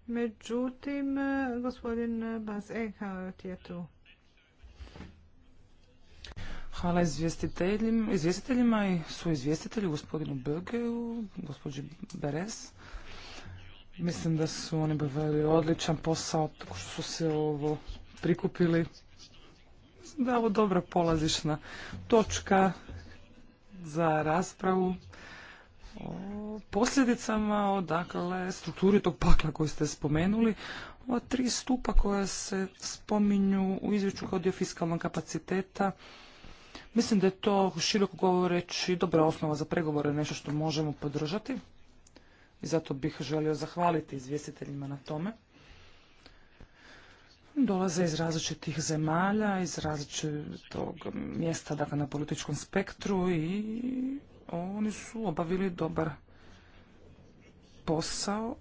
Međutim, e, gospodin Bas Enhaut je tu. Hvala izvjestiteljima i su izvjestitelji gospodinu Bögeu, gospođi Beres. Mislim da su oni bavili odličan posao, tako što su se ovo prikupili. Mislim da je ovo dobra polazišna točka za raspravu o posljedicama, o dakle, strukturi tog pakla koju ste spomenuli, ova tri stupa koja se spominju u izvješću kao dio fiskalnog kapaciteta, mislim da je to široko govoreći dobra osnova za pregovore, nešto što možemo podržati i zato bih želio zahvaliti izvjestiteljima na tome. Dolaze iz različitih zemalja, iz različitog mjesta dakle, na političkom spektru i oni su obavili dobar posao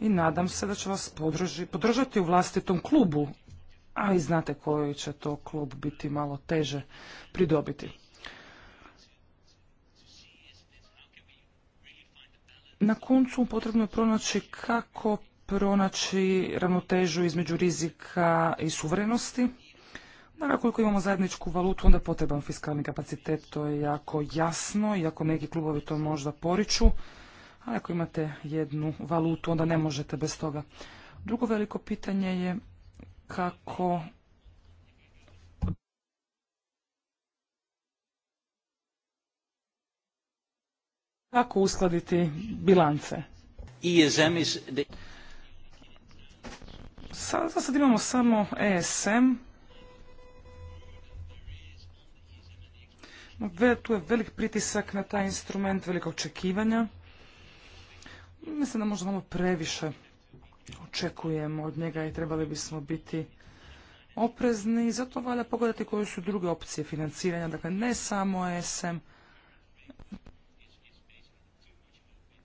i nadam se da će vas podržati u vlastitom klubu, a i znate koji će to klub biti malo teže pridobiti. Na koncu potrebno je pronaći kako pronaći ravnotežu između rizika i suverenosti. Naravno, koliko imamo zajedničku valutu, onda je potreban fiskalni kapacitet, to je jako jasno, iako neki klubovi to možda poriču, ali ako imate jednu valutu, onda ne možete bez toga. Drugo veliko pitanje je kako kako uskladiti bilance. Sada za sad imamo samo ESM. Tu je velik pritisak na taj instrument, velika očekivanja. Mislim da možda malo previše očekujemo od njega i trebali bismo biti oprezni. Zato valja pogledati koje su druge opcije financiranja, dakle ne samo ESM,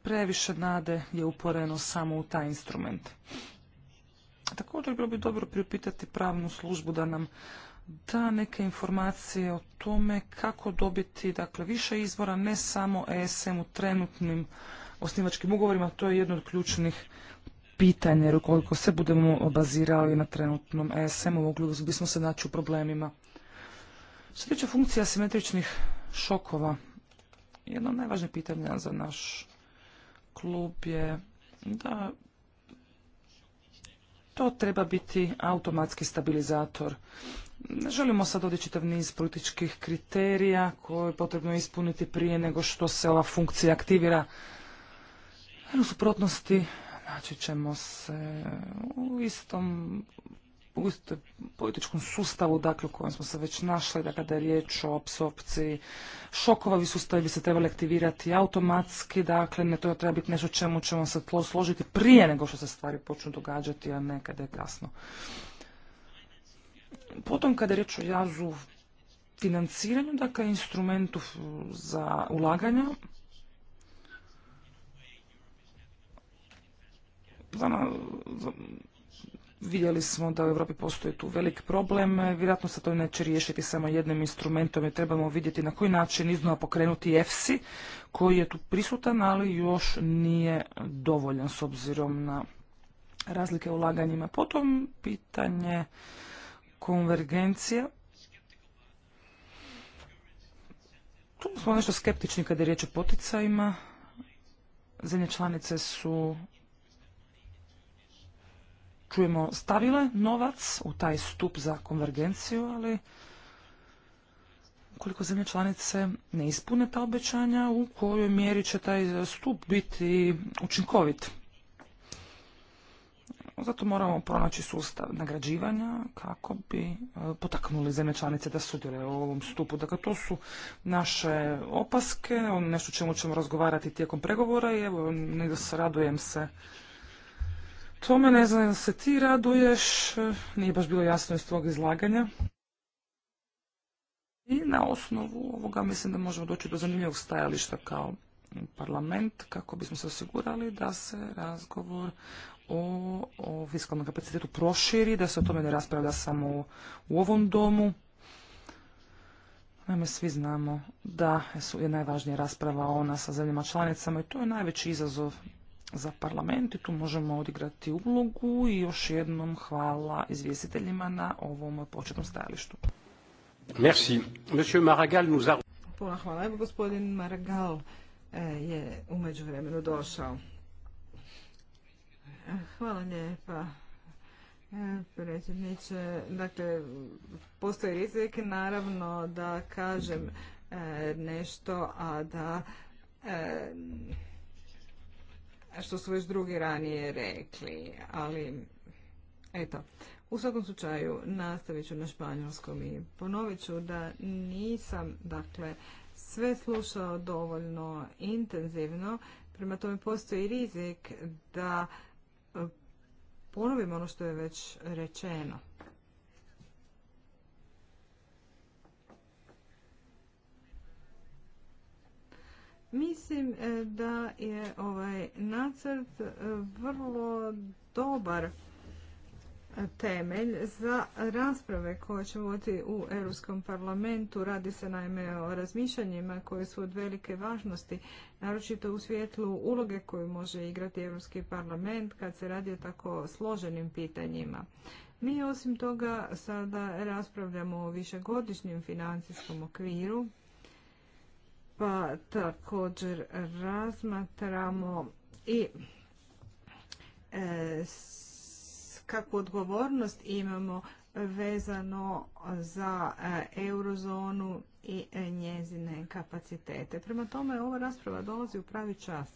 previše nade je uporeno samo u taj instrument. Također bilo bi dobro priupitati pravnu službu da nam da neke informacije o tome kako dobiti dakle, više izvora, ne samo ESM u trenutnim osnivačkim ugovorima, to je jedno od ključnih pitanja, jer ukoliko se budemo obazirali na trenutnom ESM-u, mogli bismo se naći u problemima. Što tiče funkcija simetričnih šokova, jedno od najvažnijih pitanja za naš klub je da to treba biti automatski stabilizator. Ne želimo sad ovdje čitav niz političkih kriterija koje je potrebno ispuniti prije nego što se ova funkcija aktivira. U suprotnosti znači ćemo se u istom u političkom sustavu dakle, u kojem smo se već našli, dakle, da kada je riječ o apsorpciji šokovavi sustavi bi se trebali aktivirati automatski, dakle ne to treba biti nešto čemu ćemo se tlo složiti prije nego što se stvari počnu događati, a ne kada je kasno. Potom kada je riječ o jazu financiranju, dakle instrumentu za ulaganja, Vidjeli smo da u Europi postoji tu velik problem, vjerojatno se to neće riješiti samo jednim instrumentom i trebamo vidjeti na koji način iznova pokrenuti EFSI koji je tu prisutan, ali još nije dovoljan s obzirom na razlike u ulaganjima. Potom pitanje konvergencija. Tu smo nešto skeptični kada je riječ o poticajima. Zemlje članice su čujemo stavile novac u taj stup za konvergenciju, ali koliko zemlje članice ne ispune ta obećanja, u kojoj mjeri će taj stup biti učinkovit. Zato moramo pronaći sustav nagrađivanja kako bi e, potaknuli zemlje članice da sudjeluju u ovom stupu. Dakle, to su naše opaske, nešto čemu ćemo razgovarati tijekom pregovora i evo, ne radujem se tome, ne znam da se ti raduješ, nije baš bilo jasno iz tvog izlaganja. I na osnovu ovoga mislim da možemo doći do zanimljivog stajališta kao parlament kako bismo se osigurali da se razgovor o, o fiskalnom kapacitetu proširi, da se o tome ne raspravlja samo u ovom domu. Naime, svi znamo da je najvažnija rasprava ona sa zemljama članicama i to je najveći izazov za parlament i tu možemo odigrati ulogu i još jednom hvala izvjestiteljima na ovom početnom stajalištu. Merci. Monsieur Maragal nous a... Puno hvala. Evo gospodin Maragal e, je umeđu vremenu došao. E, hvala lijepa. E, predsjedniče, dakle, postoji rizik naravno da kažem nešto, a da što su već drugi ranije rekli, ali eto. U svakom slučaju nastavit ću na španjolskom i ponovit ću da nisam dakle sve slušao dovoljno intenzivno, prema tome postoji rizik da e, ponovim ono što je već rečeno. Mislim e, da je ovaj nacrt e, vrlo dobar temelj za rasprave koje će voditi u Europskom parlamentu. Radi se naime o razmišljanjima koje su od velike važnosti, naročito u svjetlu uloge koju može igrati Europski parlament kad se radi o tako složenim pitanjima. Mi osim toga sada raspravljamo o višegodišnjem financijskom okviru pa također razmatramo i e, kakvu odgovornost imamo vezano za e, eurozonu i e, njezine kapacitete. Prema tome, ova rasprava dolazi u pravi čas.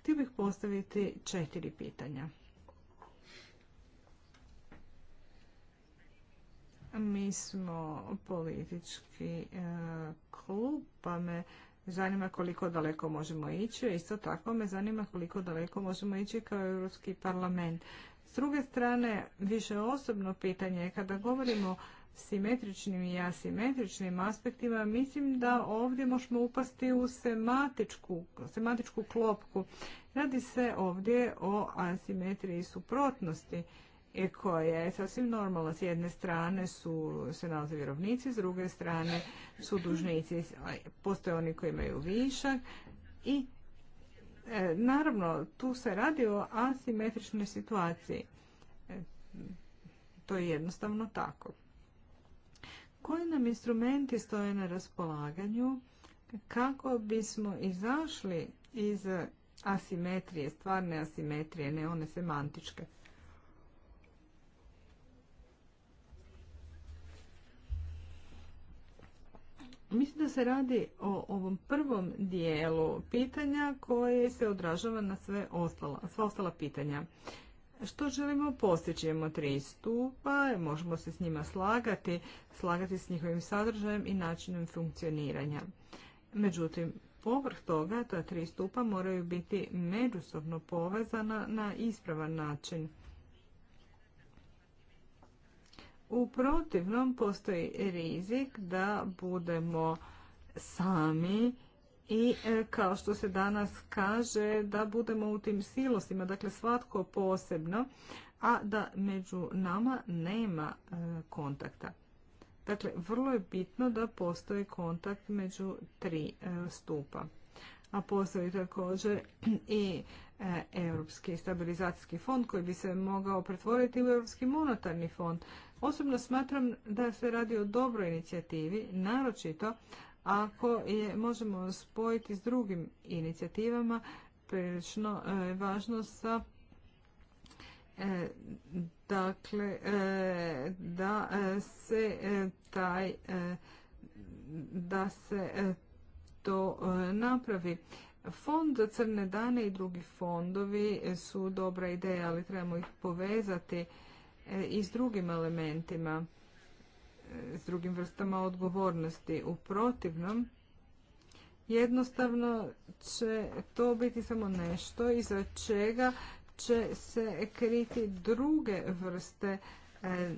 Htio bih postaviti četiri pitanja. Mi smo politički e, klub, pa me zanima koliko daleko možemo ići. Isto tako me zanima koliko daleko možemo ići kao Europski parlament. S druge strane, više osobno pitanje je kada govorimo simetričnim i asimetričnim aspektima, mislim da ovdje možemo upasti u sematičku, sematičku klopku. Radi se ovdje o asimetriji suprotnosti koje je sasvim normalno S jedne strane su se nalaze vjerovnici, s druge strane su dužnici. Postoje oni koji imaju višak i e, naravno tu se radi o asimetričnoj situaciji. E, to je jednostavno tako. Koji nam instrumenti stoje na raspolaganju kako bismo izašli iz asimetrije, stvarne asimetrije, ne one semantičke? Mislim da se radi o ovom prvom dijelu pitanja koje se odražava na sve ostala, sva ostala pitanja. Što želimo postići? Imamo tri stupa, možemo se s njima slagati, slagati s njihovim sadržajem i načinom funkcioniranja. Međutim, povrh toga ta tri stupa moraju biti međusobno povezana na ispravan način. U protivnom postoji rizik da budemo sami i e, kao što se danas kaže da budemo u tim silosima, dakle svatko posebno, a da među nama nema e, kontakta. Dakle, vrlo je bitno da postoji kontakt među tri e, stupa. A postoji također i E, Europski stabilizacijski fond koji bi se mogao pretvoriti u Europski monetarni fond. Osobno smatram da se radi o dobroj inicijativi, naročito ako je možemo spojiti s drugim inicijativama, prilično e, važno sa e, dakle e, da e, se e, taj da se to napravi. Fond za Crne dane i drugi fondovi su dobra ideja, ali trebamo ih povezati e, i s drugim elementima, e, s drugim vrstama odgovornosti. U protivnom, jednostavno će to biti samo nešto iza čega će se kriti druge vrste e,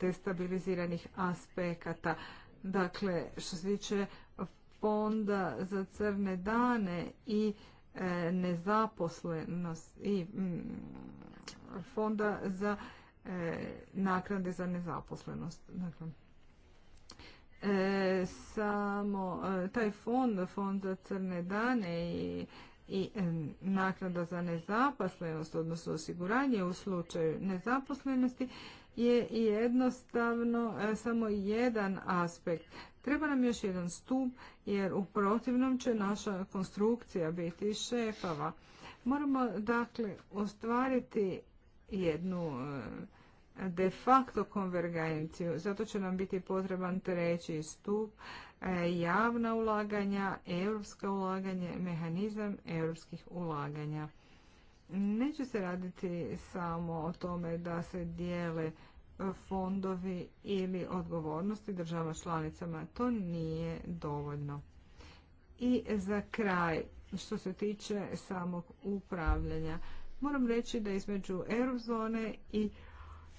destabiliziranih aspekata. Dakle, što se tiče fonda za crne dane i e, nezaposlenost i mm, fonda za e, naknade za nezaposlenost. Dakle, e, samo taj fond, fond za crne dane i i naknada za nezaposlenost, odnosno osiguranje u slučaju nezaposlenosti, je jednostavno samo jedan aspekt Treba nam još jedan stup jer u protivnom će naša konstrukcija biti šefava. Moramo dakle ostvariti jednu e, de facto konvergenciju. Zato će nam biti potreban treći stup, e, javna ulaganja, europska ulaganje, mehanizam europskih ulaganja. Neće se raditi samo o tome da se dijele fondovi ili odgovornosti država članicama. To nije dovoljno. I za kraj, što se tiče samog upravljanja, moram reći da između eurozone i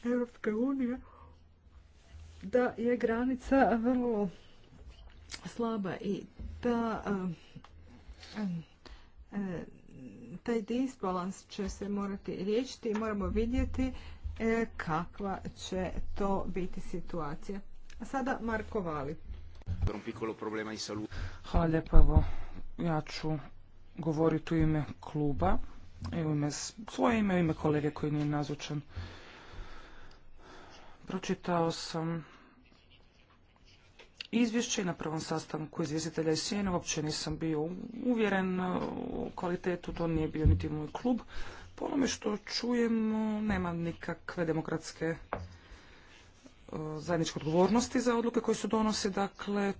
Europske unije da je granica vrlo slaba i da eh, eh, taj disbalans će se morati riješiti i moramo vidjeti E, kakva će to biti situacija. A sada Marko Vali. Hvala lijepo, evo ja ću govoriti u ime kluba u ime, svoje ime u ime kolege koji nije nazočan. Pročitao sam izvješće na prvom sastanku izvjestitelja iz Sijena uopće nisam bio uvjeren u kvalitetu, to nije bio niti moj klub po onome što čujemo nema nikakve demokratske e, zajedničke odgovornosti za odluke koje se donose. Dakle,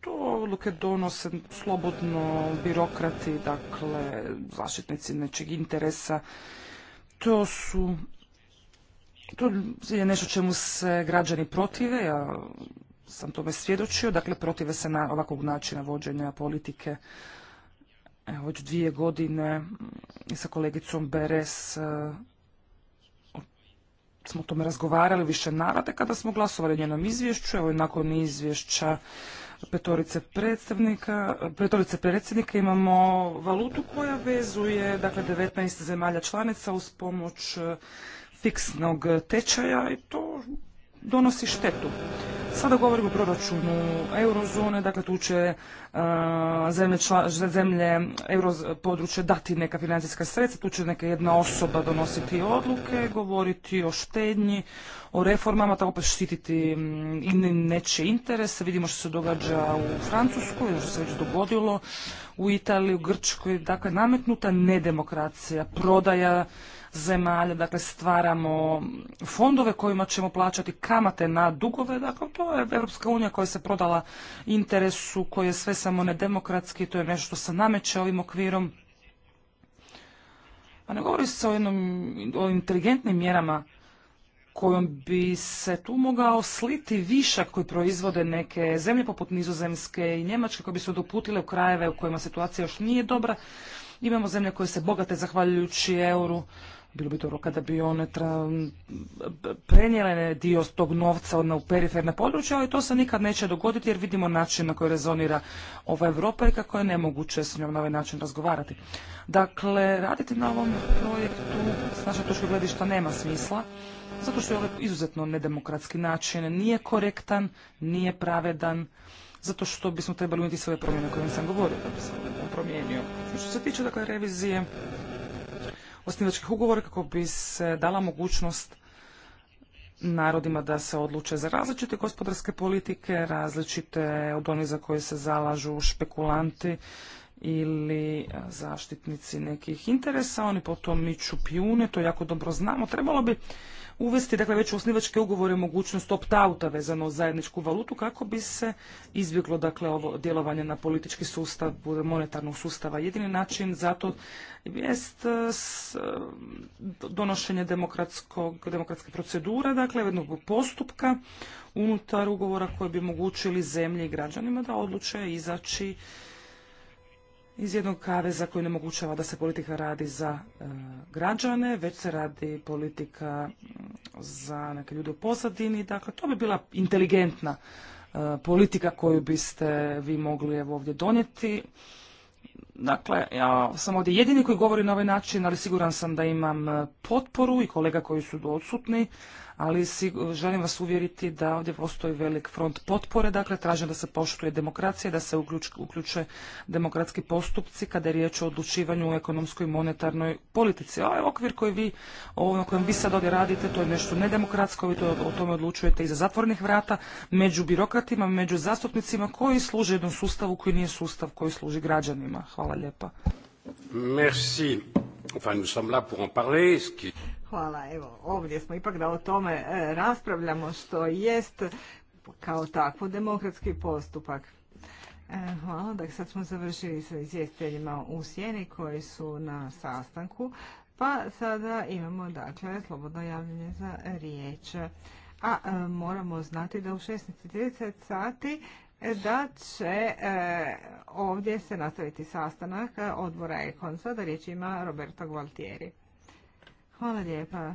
to odluke donose slobodno birokrati, dakle, zaštitnici nečeg interesa. To su to je nešto čemu se građani protive, ja sam tome svjedočio, dakle protive se na ovakvog načina vođenja politike Evo, već dvije godine mm, sa kolegicom Beres e, smo o tome razgovarali više narade kada smo glasovali o njenom izvješću. Evo, nakon izvješća petorice predstavnika, petorice predsjednika imamo valutu koja vezuje dakle 19 zemalja članica uz pomoć e, fiksnog tečaja i to donosi štetu. Sada govorim o proračunu eurozone, dakle tu će e, zemlje, područja zemlje dati neka financijska sredstva, tu će neka jedna osoba donositi odluke, govoriti o štednji, o reformama, tako opet štititi nečije interese. Vidimo što se događa u Francuskoj, ono što se već dogodilo u Italiji, u Grčkoj, dakle nametnuta nedemokracija, prodaja zemalja, dakle stvaramo fondove kojima ćemo plaćati kamate na dugove, dakle to je Europska unija koja se prodala interesu, koji je sve samo nedemokratski, to je nešto što se nameće ovim okvirom. A ne govori se o, jednom, o inteligentnim mjerama kojom bi se tu mogao sliti višak koji proizvode neke zemlje poput Nizozemske i Njemačke koje bi se doputile u krajeve u kojima situacija još nije dobra. Imamo zemlje koje se bogate zahvaljujući euru, bilo bi dobro da bi one prenijele dio tog novca na u periferne područje, ali to se nikad neće dogoditi jer vidimo način na koji rezonira ova Evropa i kako je nemoguće s njom na ovaj način razgovarati. Dakle, raditi na ovom projektu s našeg točke gledišta nema smisla, zato što je ovaj izuzetno nedemokratski način, nije korektan, nije pravedan, zato što bismo trebali uniti sve promjene o kojima sam govorio, da bi se promijenio. Što se tiče dakle, revizije osnivačkih ugovora kako bi se dala mogućnost narodima da se odluče za različite gospodarske politike, različite od onih za koje se zalažu špekulanti ili zaštitnici nekih interesa, oni potom miču pijune, to jako dobro znamo. Trebalo bi uvesti dakle, već u osnivačke ugovore mogućnost opt-outa vezano za zajedničku valutu kako bi se izbjeglo dakle, ovo djelovanje na politički sustav monetarnog sustava. Jedini način zato jest e, e, donošenje demokratskog, demokratske procedure, dakle jednog postupka unutar ugovora koji bi omogućili zemlji i građanima da odluče izaći iz jednog kaveza koji ne mogućava da se politika radi za e, građane, već se radi politika mm, za neke ljude u pozadini. Dakle, to bi bila inteligentna e, politika koju biste vi mogli evo ovdje donijeti. Dakle, ja sam ovdje jedini koji govori na ovaj način, ali siguran sam da imam e, potporu i kolega koji su odsutni, ali želim vas uvjeriti da ovdje postoji velik front potpore, dakle tražim da se poštuje demokracija, da se uključe demokratski postupci kada je riječ o odlučivanju u ekonomskoj i monetarnoj politici. A okvir koji vi, o kojem vi sad ovdje radite, to je nešto nedemokratsko, vi to, o tome odlučujete iza zatvornih vrata, među birokratima, među zastupnicima koji služe jednom sustavu koji nije sustav koji služi građanima. Hvala lijepa. Hvala. Evo, ovdje smo ipak da o tome e, raspravljamo što jest kao takvo demokratski postupak. E, hvala. Dakle, sad smo završili sa izvjestiteljima u Sjeni koji su na sastanku. Pa sada imamo dakle slobodno javljanje za riječ. A e, moramo znati da u 16.30 sati da će ovdje se nastaviti sastanak odbora econsa da riječ ima Roberto Gualtieri. Hvala lijepa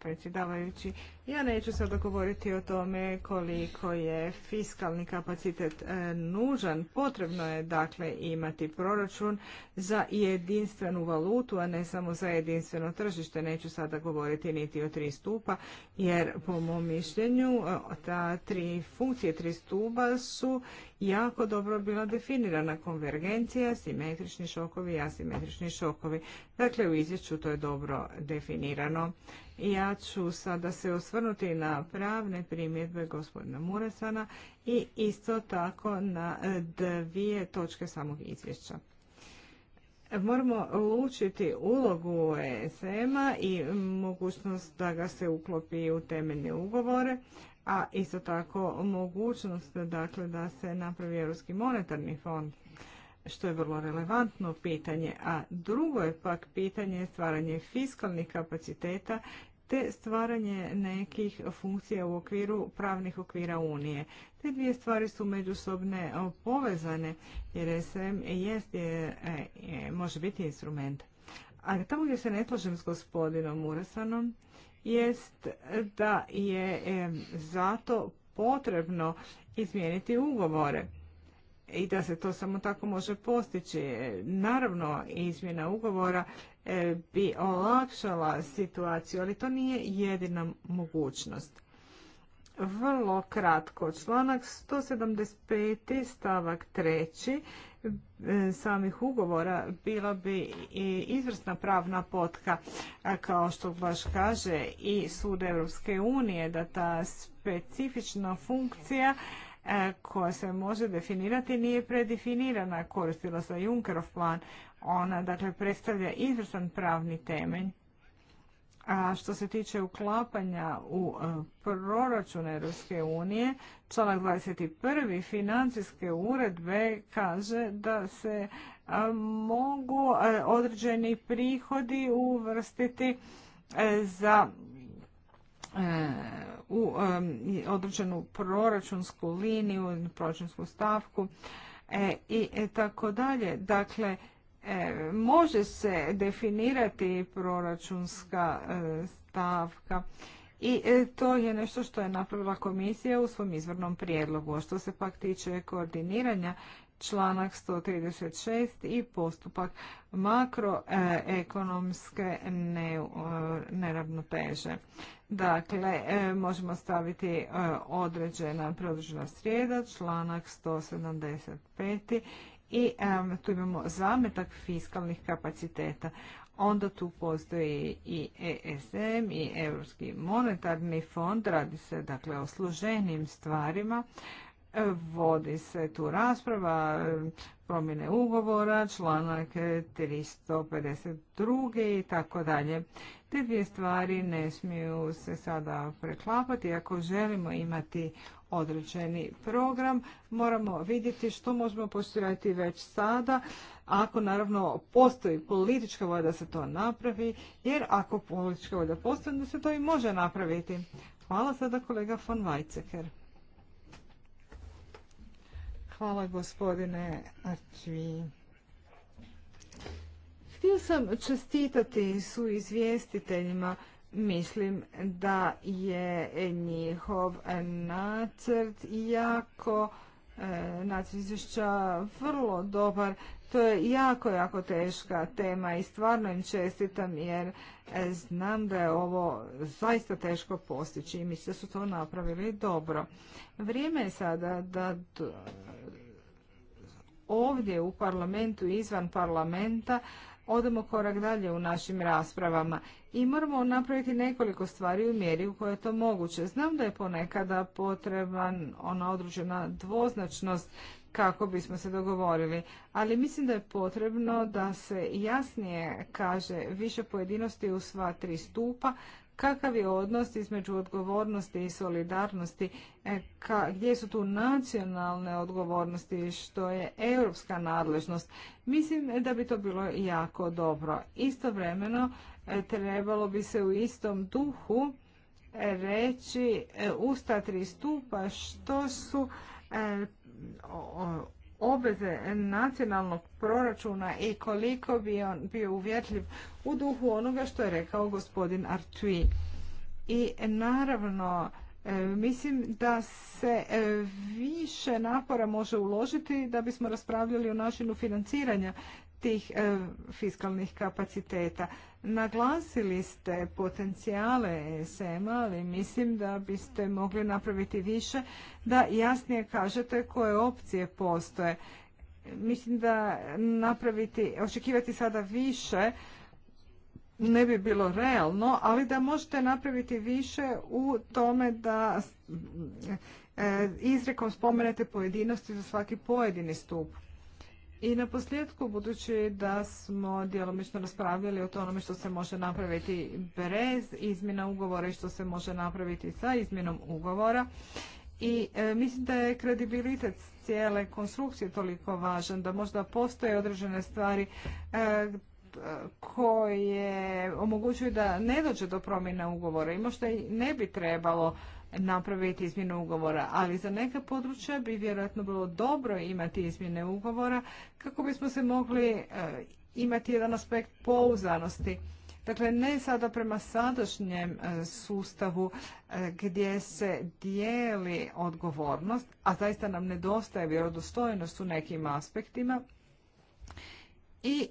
predsjedavajući. Ja neću sada govoriti o tome koliko je fiskalni kapacitet e, nužan. Potrebno je dakle imati proračun za jedinstvenu valutu, a ne samo za jedinstveno tržište. Neću sada govoriti niti o tri stupa, jer po mom mišljenju e, ta tri funkcije, tri stupa su jako dobro bila definirana. Konvergencija, simetrični šokovi i asimetrični šokovi. Dakle, u izvješću to je dobro definirano. Ja ću sada se osvrnuti na pravne primjedbe gospodina Muresana i isto tako na e, dvije točke samog izvješća. Moramo lučiti ulogu ESM-a i mogućnost da ga se uklopi u temeljne ugovore, a isto tako mogućnost dakle, da se napravi Europski monetarni fond što je vrlo relevantno pitanje, a drugo je pak pitanje stvaranje fiskalnih kapaciteta te stvaranje nekih funkcija u okviru pravnih okvira Unije. Te dvije stvari su međusobne povezane jer SM jest, e, e, može biti instrument. A tamo gdje se ne slažem s gospodinom Murasanom jest da je zato potrebno izmijeniti ugovore i da se to samo tako može postići. Naravno, izmjena ugovora e, bi olakšala situaciju, ali to nije jedina mogućnost. Vrlo kratko, članak 175. stavak 3. E, samih ugovora bila bi i izvrsna pravna potka, kao što baš kaže i Sud Europske unije, da ta specifična funkcija E, koja se može definirati nije predefinirana. Koristila se Junkerov plan. Ona dakle predstavlja izvrstan pravni temelj. A što se tiče uklapanja u e, proračun Europske unije, članak 21. financijske uredbe kaže da se e, mogu određeni prihodi uvrstiti za u određenu proračunsku liniju, proračunsku stavku e, i e, tako dalje. Dakle, e, može se definirati proračunska stavka i to je nešto što je napravila komisija u svom izvornom prijedlogu. što se pak tiče koordiniranja, članak 136 i postupak makroekonomske e, neravnoteže. Dakle, e, možemo staviti e, određena produžena srijeda, članak 175 i tu imamo zametak fiskalnih kapaciteta. Onda tu postoji i ESM i Europski monetarni fond, radi se dakle o služenim stvarima Vodi se tu rasprava promjene ugovora, članak 352. i tako dalje. Te dvije stvari ne smiju se sada preklapati. Ako želimo imati određeni program, moramo vidjeti što možemo postojati već sada, ako naravno postoji politička volja da se to napravi, jer ako politička volja postoji, da se to i može napraviti. Hvala sada kolega von Weizsäcker. Hvala gospodine Arčvi. Htio sam čestitati su izvjestiteljima. Mislim da je njihov nacrt jako E, nacrt izvješća vrlo dobar. To je jako, jako teška tema i stvarno im čestitam jer e, znam da je ovo zaista teško postići i mislim da su to napravili dobro. Vrijeme je sada da ovdje u parlamentu izvan parlamenta odemo korak dalje u našim raspravama i moramo napraviti nekoliko stvari u mjeri u kojoj je to moguće. Znam da je ponekada potreban ona određena dvoznačnost kako bismo se dogovorili, ali mislim da je potrebno da se jasnije kaže više pojedinosti u sva tri stupa kakav je odnos između odgovornosti i solidarnosti, e, gdje su tu nacionalne odgovornosti, što je europska nadležnost. Mislim da bi to bilo jako dobro. Istovremeno e, trebalo bi se u istom duhu e, reći usta tri stupa što su obveze nacionalnog proračuna i koliko bi on bio uvjetljiv u duhu onoga što je rekao gospodin Artui. I naravno, e, mislim da se e, više napora može uložiti da bismo raspravljali o načinu financiranja tih e, fiskalnih kapaciteta. Naglasili ste potencijale ESM-a, ali mislim da biste mogli napraviti više da jasnije kažete koje opcije postoje. Mislim da napraviti, očekivati sada više ne bi bilo realno, ali da možete napraviti više u tome da e, izrekom spomenete pojedinosti za svaki pojedini stup. I na posljedku, budući da smo djelomično raspravljali o tome što se može napraviti brez izmjena ugovora i što se može napraviti sa izmjenom ugovora, i e, mislim da je kredibilitet cijele konstrukcije toliko važan da možda postoje određene stvari e, koje omogućuju da ne dođe do promjene ugovora i možda i ne bi trebalo napraviti izmjenu ugovora, ali za neka područja bi vjerojatno bilo dobro imati izmjene ugovora kako bismo se mogli e, imati jedan aspekt pouzanosti. Dakle, ne sada prema sadašnjem e, sustavu e, gdje se dijeli odgovornost, a zaista nam nedostaje vjerodostojnost u nekim aspektima. I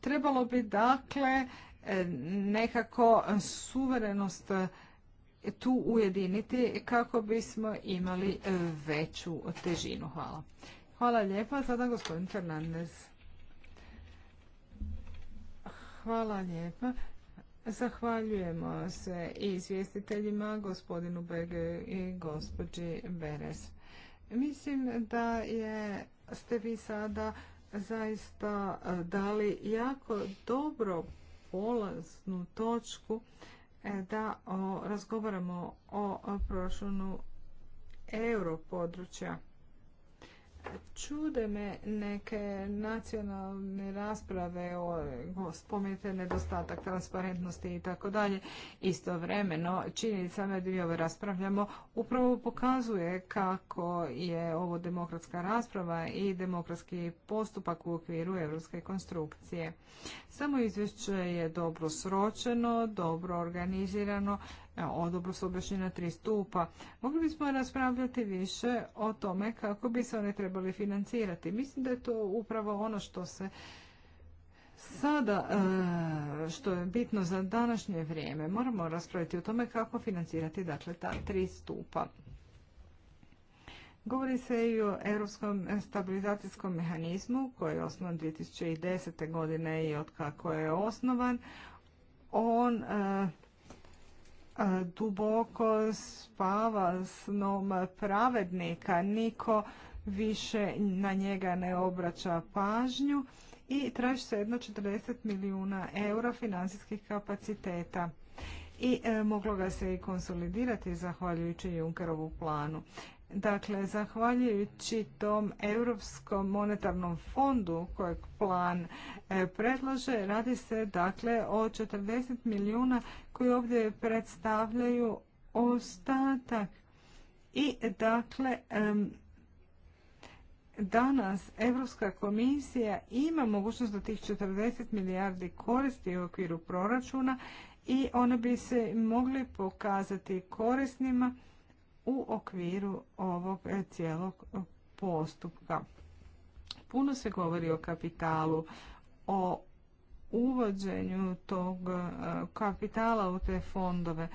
trebalo bi dakle nekako suverenost tu ujediniti kako bismo imali e, veću težinu. Hvala. Hvala lijepa. Sada gospodin Fernandez. Hvala lijepa. Zahvaljujemo se i izvjestiteljima, gospodinu Bege i gospođi Beres. Mislim da je, ste vi sada zaista e, dali jako dobro polaznu točku E, da razgovaramo o proračunu europodručja. Čude me neke nacionalne rasprave o spomenite nedostatak transparentnosti i tako dalje. Istovremeno činjenica da mi ovo raspravljamo upravo pokazuje kako je ovo demokratska rasprava i demokratski postupak u okviru europske konstrukcije. Samo izvješće je dobro sročeno, dobro organizirano dobro su na tri stupa. Mogli bismo raspravljati više o tome kako bi se one trebali financirati. Mislim da je to upravo ono što se sada, e, što je bitno za današnje vrijeme. Moramo raspraviti o tome kako financirati dakle, ta tri stupa. Govori se i o europskom stabilizacijskom mehanizmu koji je osnovan 2010. godine i od kako je osnovan. On e, E, duboko spava snom pravednika, niko više na njega ne obraća pažnju i traži se jedno 40 milijuna eura financijskih kapaciteta. I e, moglo ga se i konsolidirati zahvaljujući Junkerovu planu. Dakle, zahvaljujući tom Europskom monetarnom fondu kojeg plan e, predlaže, radi se dakle o 40 milijuna koji ovdje predstavljaju ostatak. I dakle, danas Europska komisija ima mogućnost da tih 40 milijardi koristi u okviru proračuna i one bi se mogli pokazati korisnima u okviru ovog e, cijelog postupka. Puno se govori o kapitalu, o uvođenju tog e, kapitala u te fondove.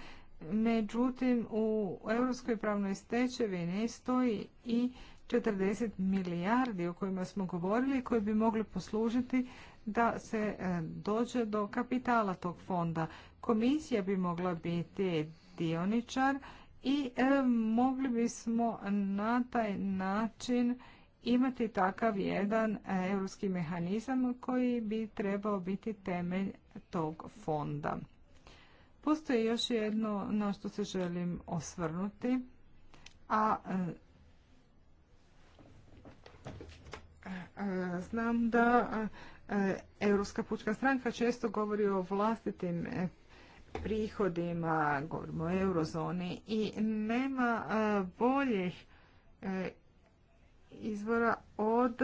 Međutim, u europskoj pravnoj stečevini stoji i 40 milijardi o kojima smo govorili koji bi mogli poslužiti da se e, dođe do kapitala tog fonda. Komisija bi mogla biti dioničar, i e, mogli bismo na taj način imati takav jedan europski mehanizam koji bi trebao biti temelj tog fonda. Postoji još jedno na što se želim osvrnuti, a e, e, znam da Europska pučka stranka često govori o vlastitim prihodima, govorimo o eurozoni i nema e, boljih e, izvora od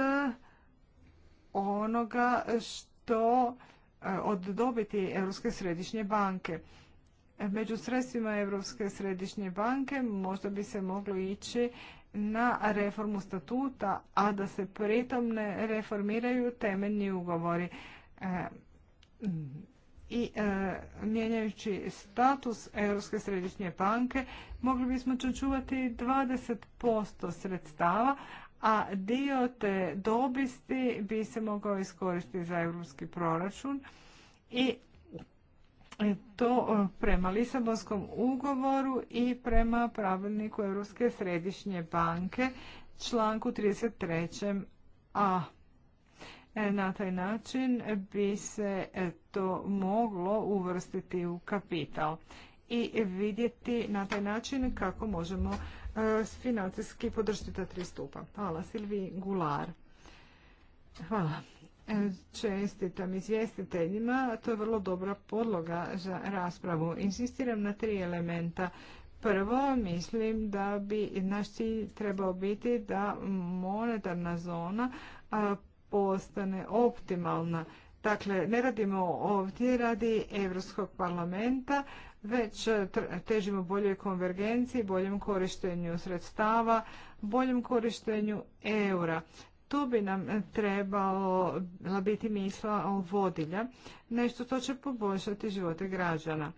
onoga što e, od dobiti Europske središnje banke. Među sredstvima Europske središnje banke možda bi se moglo ići na reformu statuta, a da se pritom ne reformiraju temeljni ugovori i e, mijenjajući status Europske središnje banke mogli bismo čuvati 20% sredstava, a dio te dobisti bi se mogao iskoristiti za europski proračun i to e, prema Lisabonskom ugovoru i prema pravilniku Europske središnje banke članku 33a. E, na taj način bi se e, to moglo uvrstiti u kapital i vidjeti na taj način kako možemo e, financijski podržati ta tri stupa. Hvala Silvi Gular. Hvala. Čestitam izvjestiteljima, to je vrlo dobra podloga za raspravu. Insistiram na tri elementa. Prvo, mislim da bi naš cilj trebao biti da monetarna zona ostane optimalna. Dakle, ne radimo ovdje radi Europskog parlamenta, već e, težimo boljoj konvergenciji, boljem korištenju sredstava, boljem korištenju eura. Tu bi nam e, trebala biti misla vodilja, nešto to će poboljšati živote građana.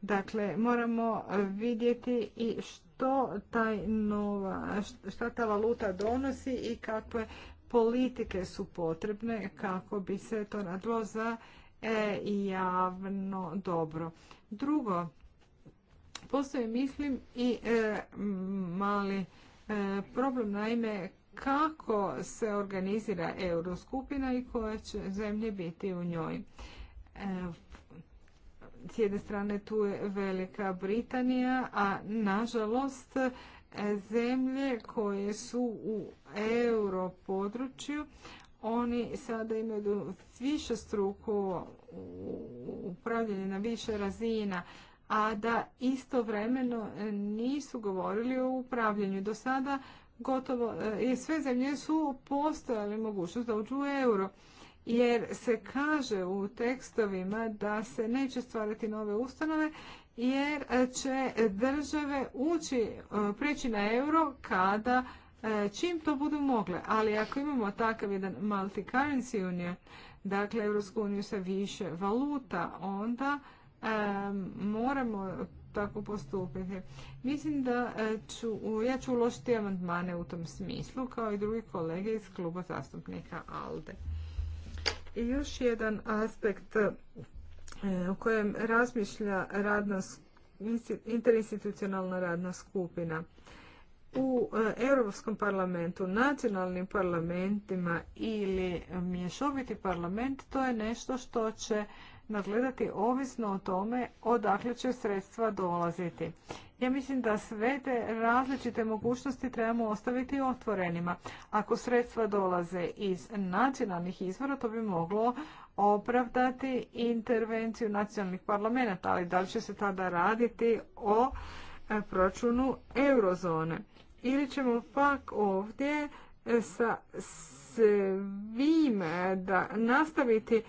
Dakle, moramo e, vidjeti i što taj nova, šta ta valuta donosi i kakve politike su potrebne kako bi se to radilo za e, javno dobro. Drugo, postoji mislim i e, mali e, problem naime kako se organizira euroskupina i koje će zemlje biti u njoj. S jedne strane tu je Velika Britanija, a nažalost zemlje koje su u euro području, oni sada imaju više struku upravljanje na više razina, a da istovremeno nisu govorili o upravljanju. Do sada gotovo i e, sve zemlje su postojali mogućnost da uđu u euro jer se kaže u tekstovima da se neće stvarati nove ustanove jer e, će države ući, e, preći na euro kada e, čim to budu mogle. Ali ako imamo takav jedan multi-currency union, dakle Evropsku uniju sa više valuta, onda moramo tako postupiti. Mislim da ću, ja ću uložiti amandmane u tom smislu, kao i drugi kolege iz kluba zastupnika ALDE. I još jedan aspekt u kojem razmišlja radna, interinstitucionalna radna skupina. U e, Europskom parlamentu, nacionalnim parlamentima ili mješoviti parlament, to je nešto što će nadgledati ovisno o tome odakle će sredstva dolaziti. Ja mislim da sve te različite mogućnosti trebamo ostaviti otvorenima. Ako sredstva dolaze iz nacionalnih izvora, to bi moglo opravdati intervenciju nacionalnih parlamenta, ali da li će se tada raditi o e, proračunu eurozone. Ili ćemo pak ovdje e, sa svim da nastaviti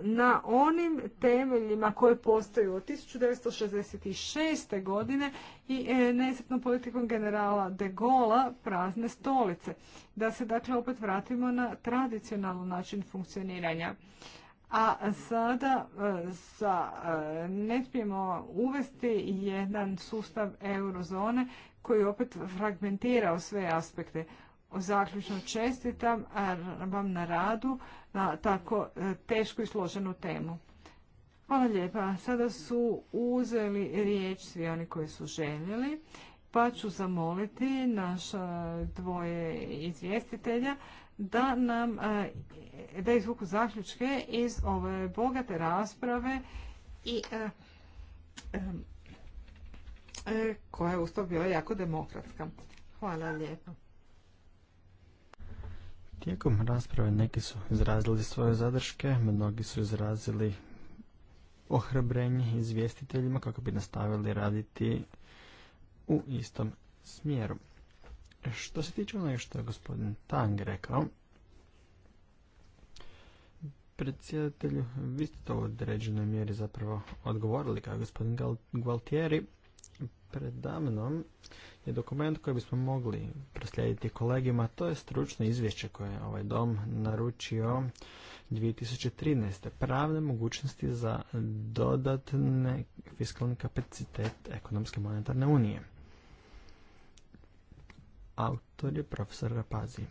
na onim temeljima koje postoju od 1966. godine i e, nesretnom politikom generala de Gola prazne stolice. Da se dakle opet vratimo na tradicionalan način funkcioniranja. A sada e, sa e, ne smijemo uvesti jedan sustav eurozone koji opet fragmentirao sve aspekte. Zaključno čestitam vam na radu na tako e, tešku i složenu temu. Hvala lijepa. Sada su uzeli riječ svi oni koji su željeli, pa ću zamoliti naša dvoje izvjestitelja da nam e, da izvuku zaključke iz ove bogate rasprave i e, koja je uz bila jako demokratska. Hvala lijepo. Tijekom rasprave neki su izrazili svoje zadrške, mnogi su izrazili ohrabrenje izvjestiteljima kako bi nastavili raditi u istom smjeru. Što se tiče onoga što je gospodin Tang rekao, predsjedatelju, vi ste to u određenoj mjeri zapravo odgovorili kao gospodin Gualtieri, predamnom je dokument koji bismo mogli proslijediti kolegima. To je stručno izvješće koje je ovaj dom naručio 2013. Pravne mogućnosti za dodatne fiskalni kapacitet ekonomske monetarne unije. Autor je profesor Rapazi.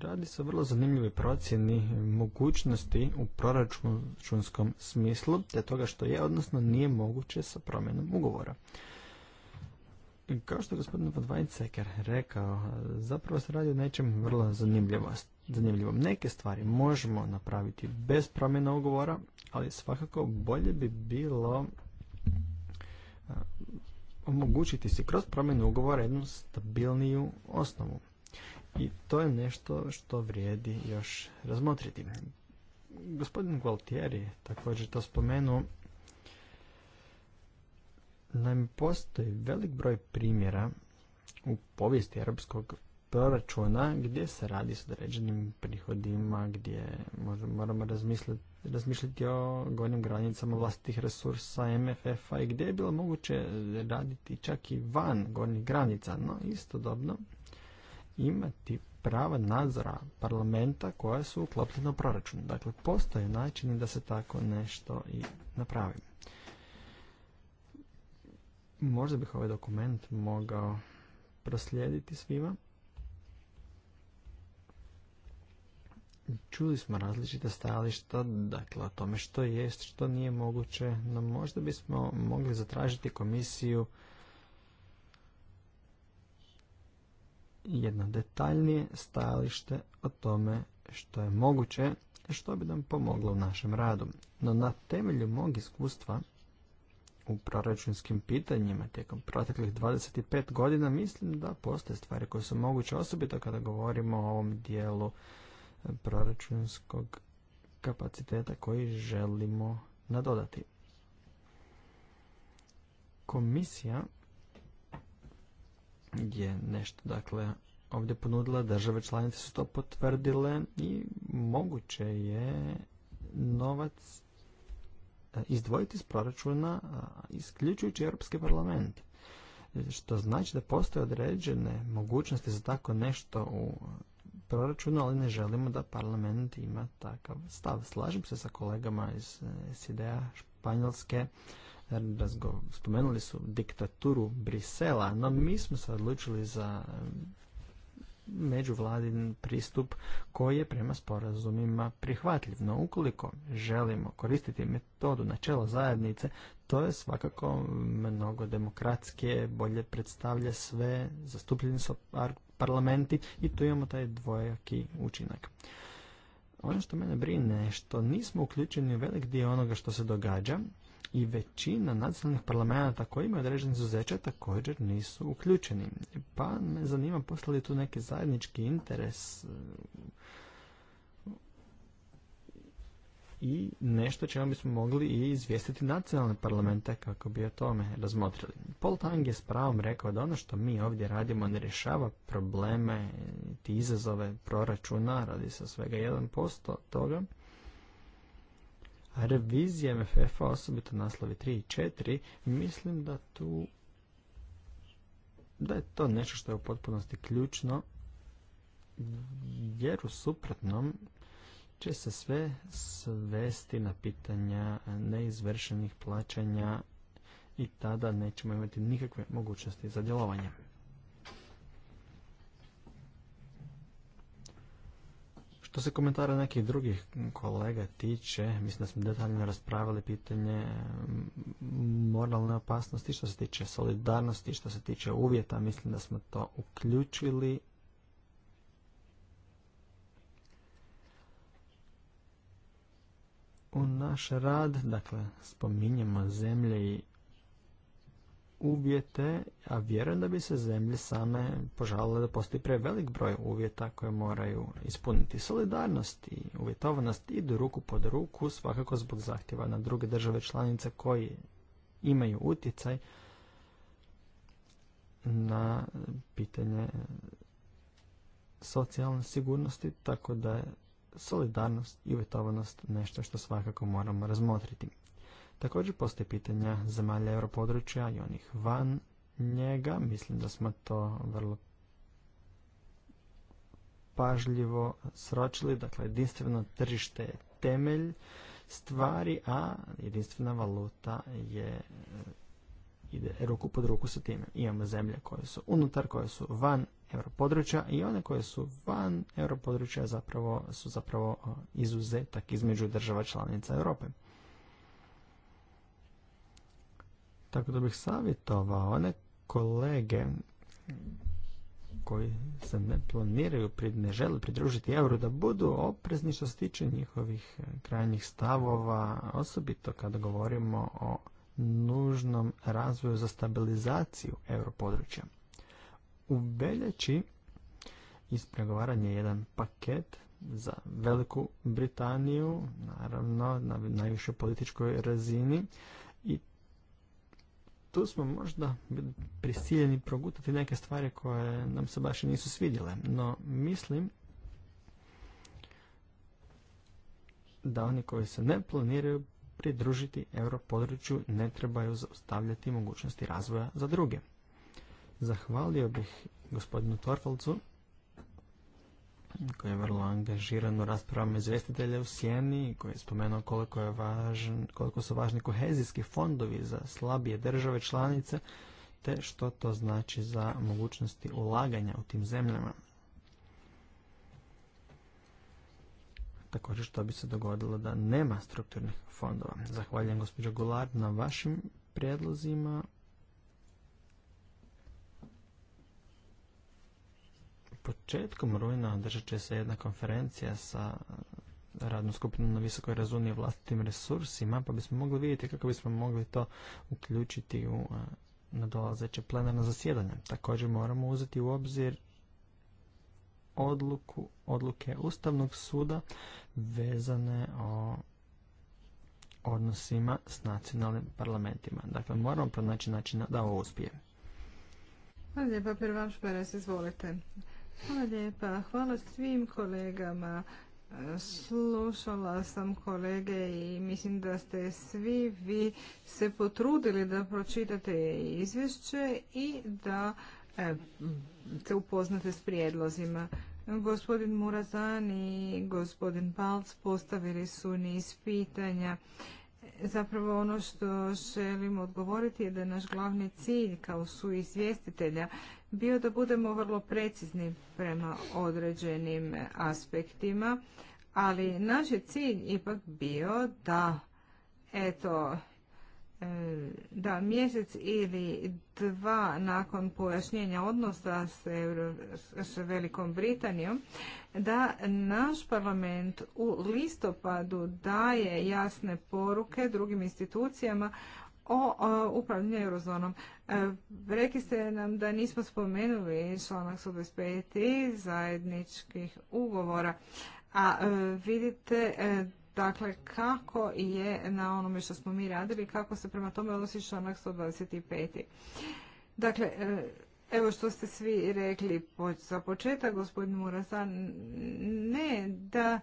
Radi se o vrlo zanimljivoj procjeni mogućnosti u proračunskom smislu, te toga što je, odnosno nije moguće sa promjenom ugovora. Kao što je gospodin von Weizsäcker rekao, zapravo se radi o nečem vrlo zanimljivom. Neke stvari možemo napraviti bez promjena ugovora, ali svakako bolje bi bilo omogućiti si kroz promjenu ugovora jednu stabilniju osnovu. I to je nešto što vrijedi još razmotriti. Gospodin Gualtieri također to spomenuo. Naime, postoji velik broj primjera u povijesti europskog proračuna gdje se radi s određenim prihodima, gdje moramo razmišljati o gornjim granicama vlastitih resursa MFF-a i gdje je bilo moguće raditi čak i van gornjih granica, no istodobno imati prava nadzora parlamenta koja su uklopljena u proračun. Dakle, postoje načini da se tako nešto i napravi. Možda bih ovaj dokument mogao proslijediti svima. Čuli smo različite stajališta, dakle o tome što jest, što nije moguće, no možda bismo mogli zatražiti komisiju jedno detaljnije stajalište o tome što je moguće što bi nam pomoglo u našem radu. No na temelju mog iskustva u proračunskim pitanjima tijekom proteklih 25 godina mislim da postoje stvari koje su moguće osobito kada govorimo o ovom dijelu eh, proračunskog kapaciteta koji želimo nadodati. Komisija je nešto, dakle, ovdje ponudila, države članice su to potvrdile i moguće je novac e, izdvojiti iz proračuna isključujući Europski parlament. Što znači da postoje određene mogućnosti za tako nešto u e, proračunu, ali ne želimo da parlament ima takav stav. Slažem se sa kolegama iz e, sid Španjolske spomenuli su diktaturu Brisela, no mi smo se odlučili za mm, međuvladin pristup koji je prema sporazumima prihvatljiv. No ukoliko želimo koristiti metodu načela zajednice, to je svakako mnogo demokratske, bolje predstavlja sve, zastupljeni su parlamenti i tu imamo taj dvojaki učinak. Ono što mene brine je što nismo uključeni u velik dio onoga što se događa, i većina nacionalnih parlamenta koji imaju određene izuzeća također nisu uključeni. Pa me zanima postoji li tu neki zajednički interes e, i nešto čemu bismo mogli i izvijestiti nacionalne parlamente kako bi o tome razmotrili. Paul Tang je s pravom rekao da ono što mi ovdje radimo ne rješava probleme, ti izazove proračuna, radi se svega 1% toga, revizije MFF-a, osobito naslovi 3 i 4, mislim da tu da je to nešto što je u potpunosti ključno, jer u suprotnom će se sve svesti na pitanja neizvršenih plaćanja i tada nećemo imati nikakve mogućnosti za djelovanje. Što se komentara nekih drugih kolega tiče, mislim da smo detaljno raspravili pitanje mm, moralne opasnosti, što se tiče solidarnosti, što se tiče uvjeta, mislim da smo to uključili. U naš rad, dakle, spominjemo zemlje i uvjete, a vjerujem da bi se zemlje same požalile da postoji prevelik broj uvjeta koje moraju ispuniti solidarnost i uvjetovanost idu ruku pod ruku, svakako zbog zahtjeva na druge države članice koji imaju utjecaj na pitanje socijalne sigurnosti, tako da je solidarnost i uvjetovanost nešto što svakako moramo razmotriti. Također postoje pitanja zemalja europodručja i onih van njega. Mislim da smo to vrlo pažljivo sročili. Dakle, jedinstveno tržište je temelj stvari, a jedinstvena valuta je e, ide ruku pod ruku sa time. Imamo zemlje koje su unutar, koje su van europodručja i one koje su van europodručja zapravo su zapravo e, izuzetak između država članica Europe. Tako da bih savjetovao one kolege koji se ne planiraju, ne žele pridružiti euro, da budu oprezni što se tiče njihovih eh, krajnjih stavova, osobito kada govorimo o nužnom razvoju za stabilizaciju europodručja. U veljači ispregovaran je jedan paket za Veliku Britaniju, naravno na najvišoj političkoj razini, i tu smo možda prisiljeni progutati neke stvari koje nam se baš nisu svidjele, no mislim da oni koji se ne planiraju pridružiti europodručju ne trebaju zaustavljati mogućnosti razvoja za druge. Zahvalio bih gospodinu Torfalcu koji je vrlo angažiran u raspravama izvjestitelja u Sjeni, koji je spomenuo koliko, je koliko su važni kohezijski fondovi za slabije države članice, te što to znači za mogućnosti ulaganja u tim zemljama. Također što bi se dogodilo da nema strukturnih fondova. Zahvaljujem gospođo Gulard na vašim prijedlozima. početkom rujna održat će se jedna konferencija sa radnom skupinom na visokoj razini vlastitim resursima, pa bismo mogli vidjeti kako bismo mogli to uključiti u nadolazeće plenarno zasjedanje. Također moramo uzeti u obzir odluku, odluke Ustavnog suda vezane o odnosima s nacionalnim parlamentima. Dakle, moramo pronaći načina da ovo uspije. Hvala lijepa, izvolite. Hvala lijepa. Hvala svim kolegama. Slušala sam kolege i mislim da ste svi vi se potrudili da pročitate izvješće i da se upoznate s prijedlozima. Gospodin Murazan i gospodin Palc postavili su niz pitanja. Zapravo ono što želim odgovoriti je da je naš glavni cilj kao su izvjestitelja bio da budemo vrlo precizni prema određenim aspektima, ali naš je cilj ipak bio da eto e, da mjesec ili dva nakon pojašnjenja odnosa s, Euro, s Velikom Britanijom, da naš parlament u listopadu daje jasne poruke drugim institucijama o upravljanju eurozonom. E, rekli ste nam da nismo spomenuli članak 125. zajedničkih ugovora, a e, vidite e, dakle kako je na onome što smo mi radili, kako se prema tome odnosi članak 125. Dakle, Evo što ste svi rekli za početak, gospodin Murasan, ne da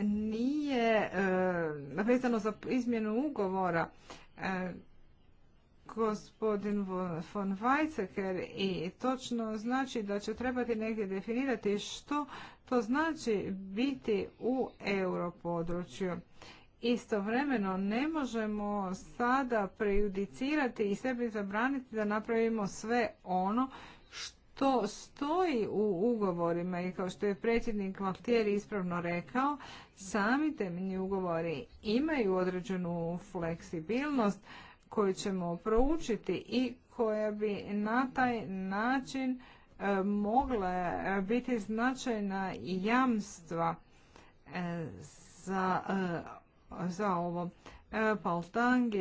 nije vezano za izmjenu ugovora E, gospodin von Weizsäcker i točno znači da će trebati negdje definirati što to znači biti u europodručju. Istovremeno ne možemo sada prejudicirati i sebi zabraniti da napravimo sve ono što to stoji u ugovorima i kao što je predsjednik Valtieri ispravno rekao, sami temeljni ugovori imaju određenu fleksibilnost koju ćemo proučiti i koja bi na taj način e, mogla biti značajna jamstva e, za, e, za ovo. Paltang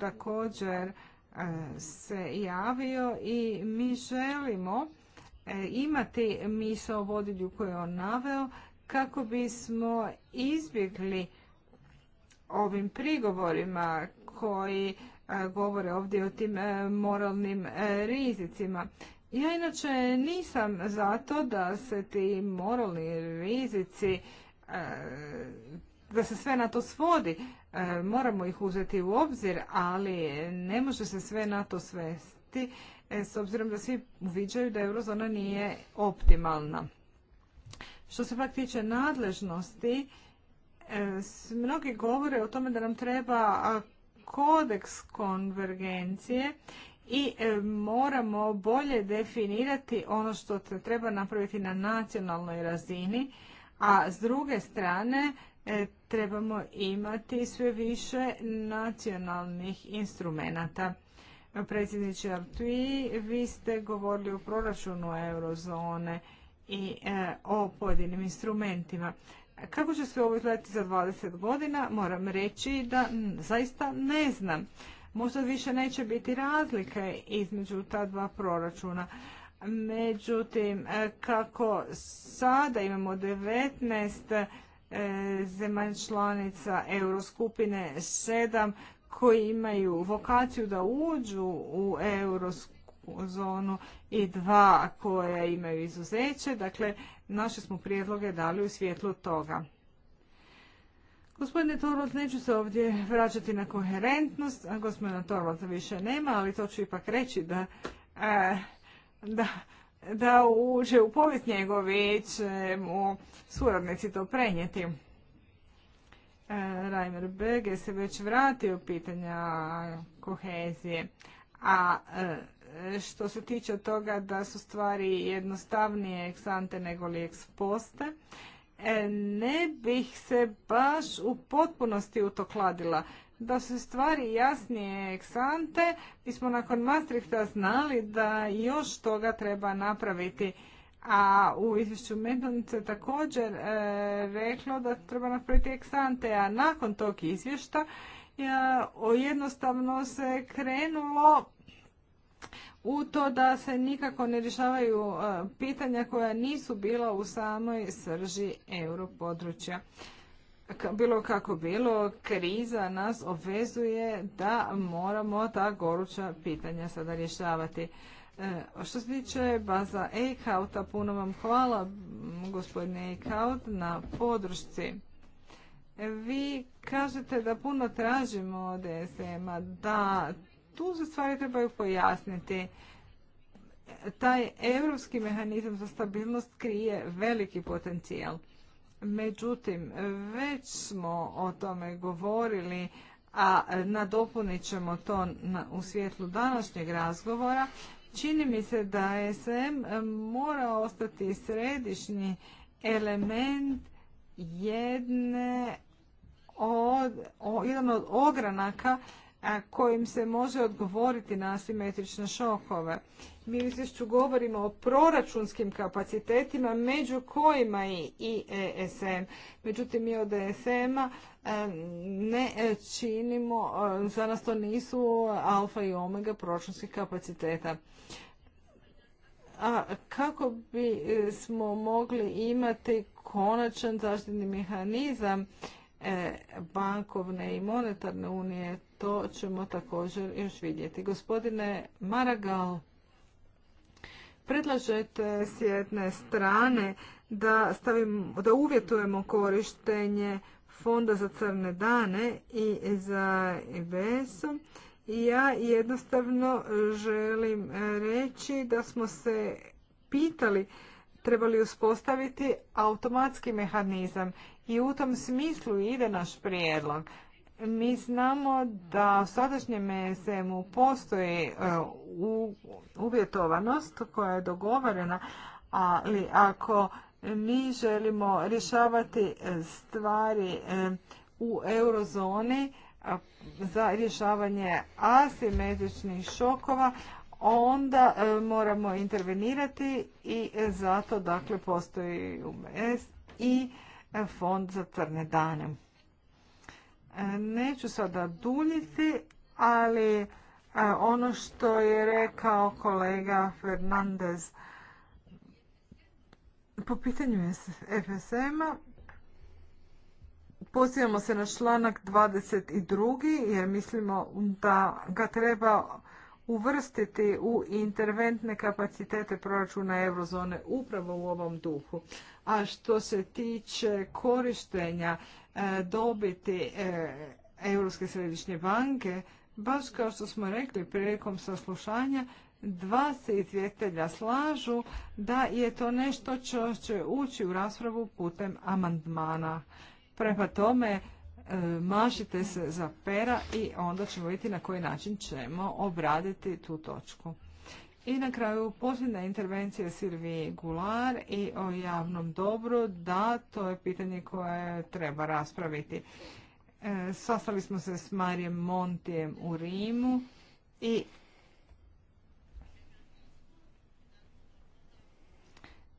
također E, se javio i mi želimo e, imati misao vodilju koju je on naveo kako bismo izbjegli ovim prigovorima koji e, govore ovdje o tim moralnim rizicima. Ja inače nisam za to da se ti moralni rizici, da se sve na to svodi, E, moramo ih uzeti u obzir, ali ne može se sve na to svesti e, s obzirom da svi uviđaju da eurozona nije optimalna. Što se pak tiče nadležnosti, e, mnogi govore o tome da nam treba kodeks konvergencije i moramo bolje definirati ono što treba napraviti na nacionalnoj razini, a s druge strane E, trebamo imati sve više nacionalnih instrumenata. Predsjedniče Artui, vi ste govorili o proračunu eurozone i e, o pojedinim instrumentima. Kako će se ovo izgledati za 20 godina? Moram reći da zaista ne znam. Možda više neće biti razlike između ta dva proračuna. Međutim, e, kako sada imamo 19 E, zemalj članica Euroskupine 7 koji imaju vokaciju da uđu u eurozonu i dva koja imaju izuzeće. Dakle, naše smo prijedloge dali u svjetlu toga. Gospodine Torvald, neću se ovdje vraćati na koherentnost, a gospodina Torvalda više nema, ali to ću ipak reći da, e, da da uđe u povijest njegovi će mu suradnici to prenijeti. E, Reimer Bege se već vratio pitanja kohezije, a e, što se tiče toga da su stvari jednostavnije eksante nego li eksposte E, ne bih se baš u potpunosti utokladila. Da su stvari jasnije eksante, mi smo nakon Maastrichta znali da još toga treba napraviti. A u izvješću Medonice također e, reklo da treba napraviti eksante, a nakon tog izvješta e, jednostavno se krenulo u to da se nikako ne rješavaju e, pitanja koja nisu bila u samoj srži europodručja. Bilo kako bilo, kriza nas obvezuje da moramo ta goruća pitanja sada rješavati. E, što se tiče baza Eichhauta, puno vam hvala gospodine Eichhaut na podršci. E, vi kažete da puno tražimo od sm a da tu se stvari trebaju pojasniti. Taj europski mehanizam za stabilnost krije veliki potencijal. Međutim, već smo o tome govorili, a nadopunit ćemo to u svjetlu današnjeg razgovora. Čini mi se da SM mora ostati središnji element jedne od, jedan od ogranaka kojim se može odgovoriti na asimetrične šokove. Mi u izvješću govorimo o proračunskim kapacitetima, među kojima i ESM. Međutim, mi od ESM-a e, ne e, činimo, e, za nas to nisu alfa i omega proračunskih kapaciteta. A kako bi smo mogli imati konačan zaštitni mehanizam bankovne i monetarne unije, to ćemo također još vidjeti. Gospodine Maragal, predlažete s jedne strane da, stavim, da uvjetujemo korištenje fonda za crne dane i za IBS-u. E I ja jednostavno želim reći da smo se pitali trebali uspostaviti automatski mehanizam i u tom smislu ide naš prijedlog. Mi znamo da u sadašnjem ESM-u postoji e, uvjetovanost koja je dogovorena, ali ako mi želimo rješavati e, stvari e, u eurozoni za rješavanje asimetričnih šokova, onda moramo intervenirati i zato dakle postoji UMS i fond za crne dane. E, neću sada duljiti, ali e, ono što je rekao kolega Fernandez po pitanju FSM-a pozivamo se na članak 22. jer mislimo da ga treba uvrstiti u interventne kapacitete proračuna eurozone upravo u ovom duhu. A što se tiče korištenja E, dobiti e, Europske središnje banke, baš kao što smo rekli prilikom saslušanja, dva se izvjetelja slažu da je to nešto što će ući u raspravu putem amandmana. Prema tome, e, mašite se za pera i onda ćemo vidjeti na koji način ćemo obraditi tu točku. I na kraju posljedna intervencija Sirvi Gular i o javnom dobru. Da, to je pitanje koje treba raspraviti. E, sastali smo se s Marijem Montijem u Rimu i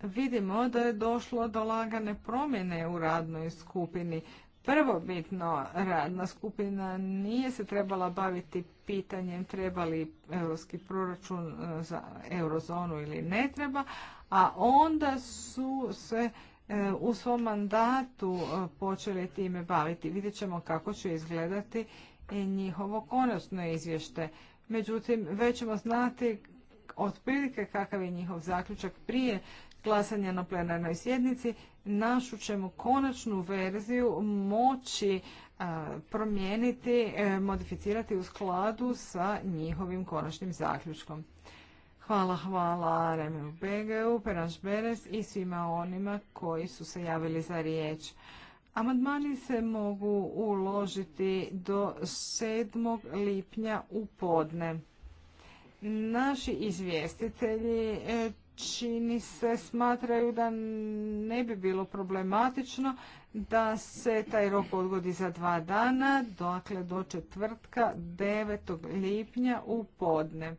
vidimo da je došlo do lagane promjene u radnoj skupini. Prvobitno radna skupina nije se trebala baviti pitanjem treba li europski proračun e, za eurozonu ili ne treba, a onda su se e, u svom mandatu e, počeli time baviti. Vidjet ćemo kako će izgledati njihovo konačno izvješte. Međutim, već ćemo znati otprilike kakav je njihov zaključak prije glasanja na plenarnoj sjednici, našu ćemo konačnu verziju moći promijeniti, e, modificirati u skladu sa njihovim konačnim zaključkom. Hvala, hvala Remenu Begeu, Peranš Beres i svima onima koji su se javili za riječ. Amandmani se mogu uložiti do 7. lipnja u podne. Naši izvjestitelji e, čini se smatraju da ne bi bilo problematično da se taj rok odgodi za dva dana, dakle do četvrtka 9. lipnja u podne.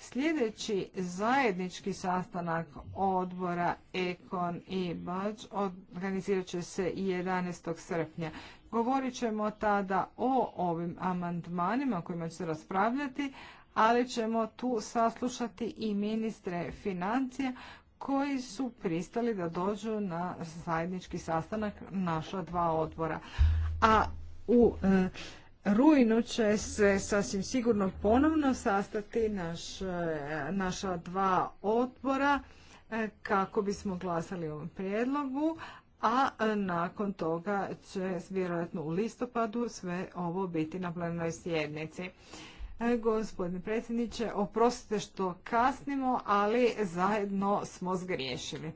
Sljedeći zajednički sastanak odbora Ekon i Bač organizirat će se 11. srpnja. Govorit ćemo tada o ovim amandmanima o kojima će se raspravljati, ali ćemo tu saslušati i ministre financija koji su pristali da dođu na zajednički sastanak naša dva odbora. A u e, rujnu će se sasvim sigurno ponovno sastati naš, e, naša dva odbora e, kako bismo glasali o ovom prijedlogu, a nakon toga će vjerojatno u listopadu sve ovo biti na plenarnoj sjednici. E, gospodine predsjedniče, oprostite što kasnimo, ali zajedno smo zgriješili.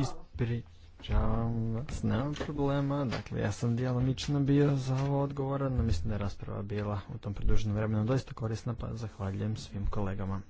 Ispričavam vas, nemam problema. Dakle, ja sam djelomično bio za ovo odgovoran, no mislim da je rasprava bila u tom produženom vremenu doista korisna, pa zahvaljujem svim kolegama.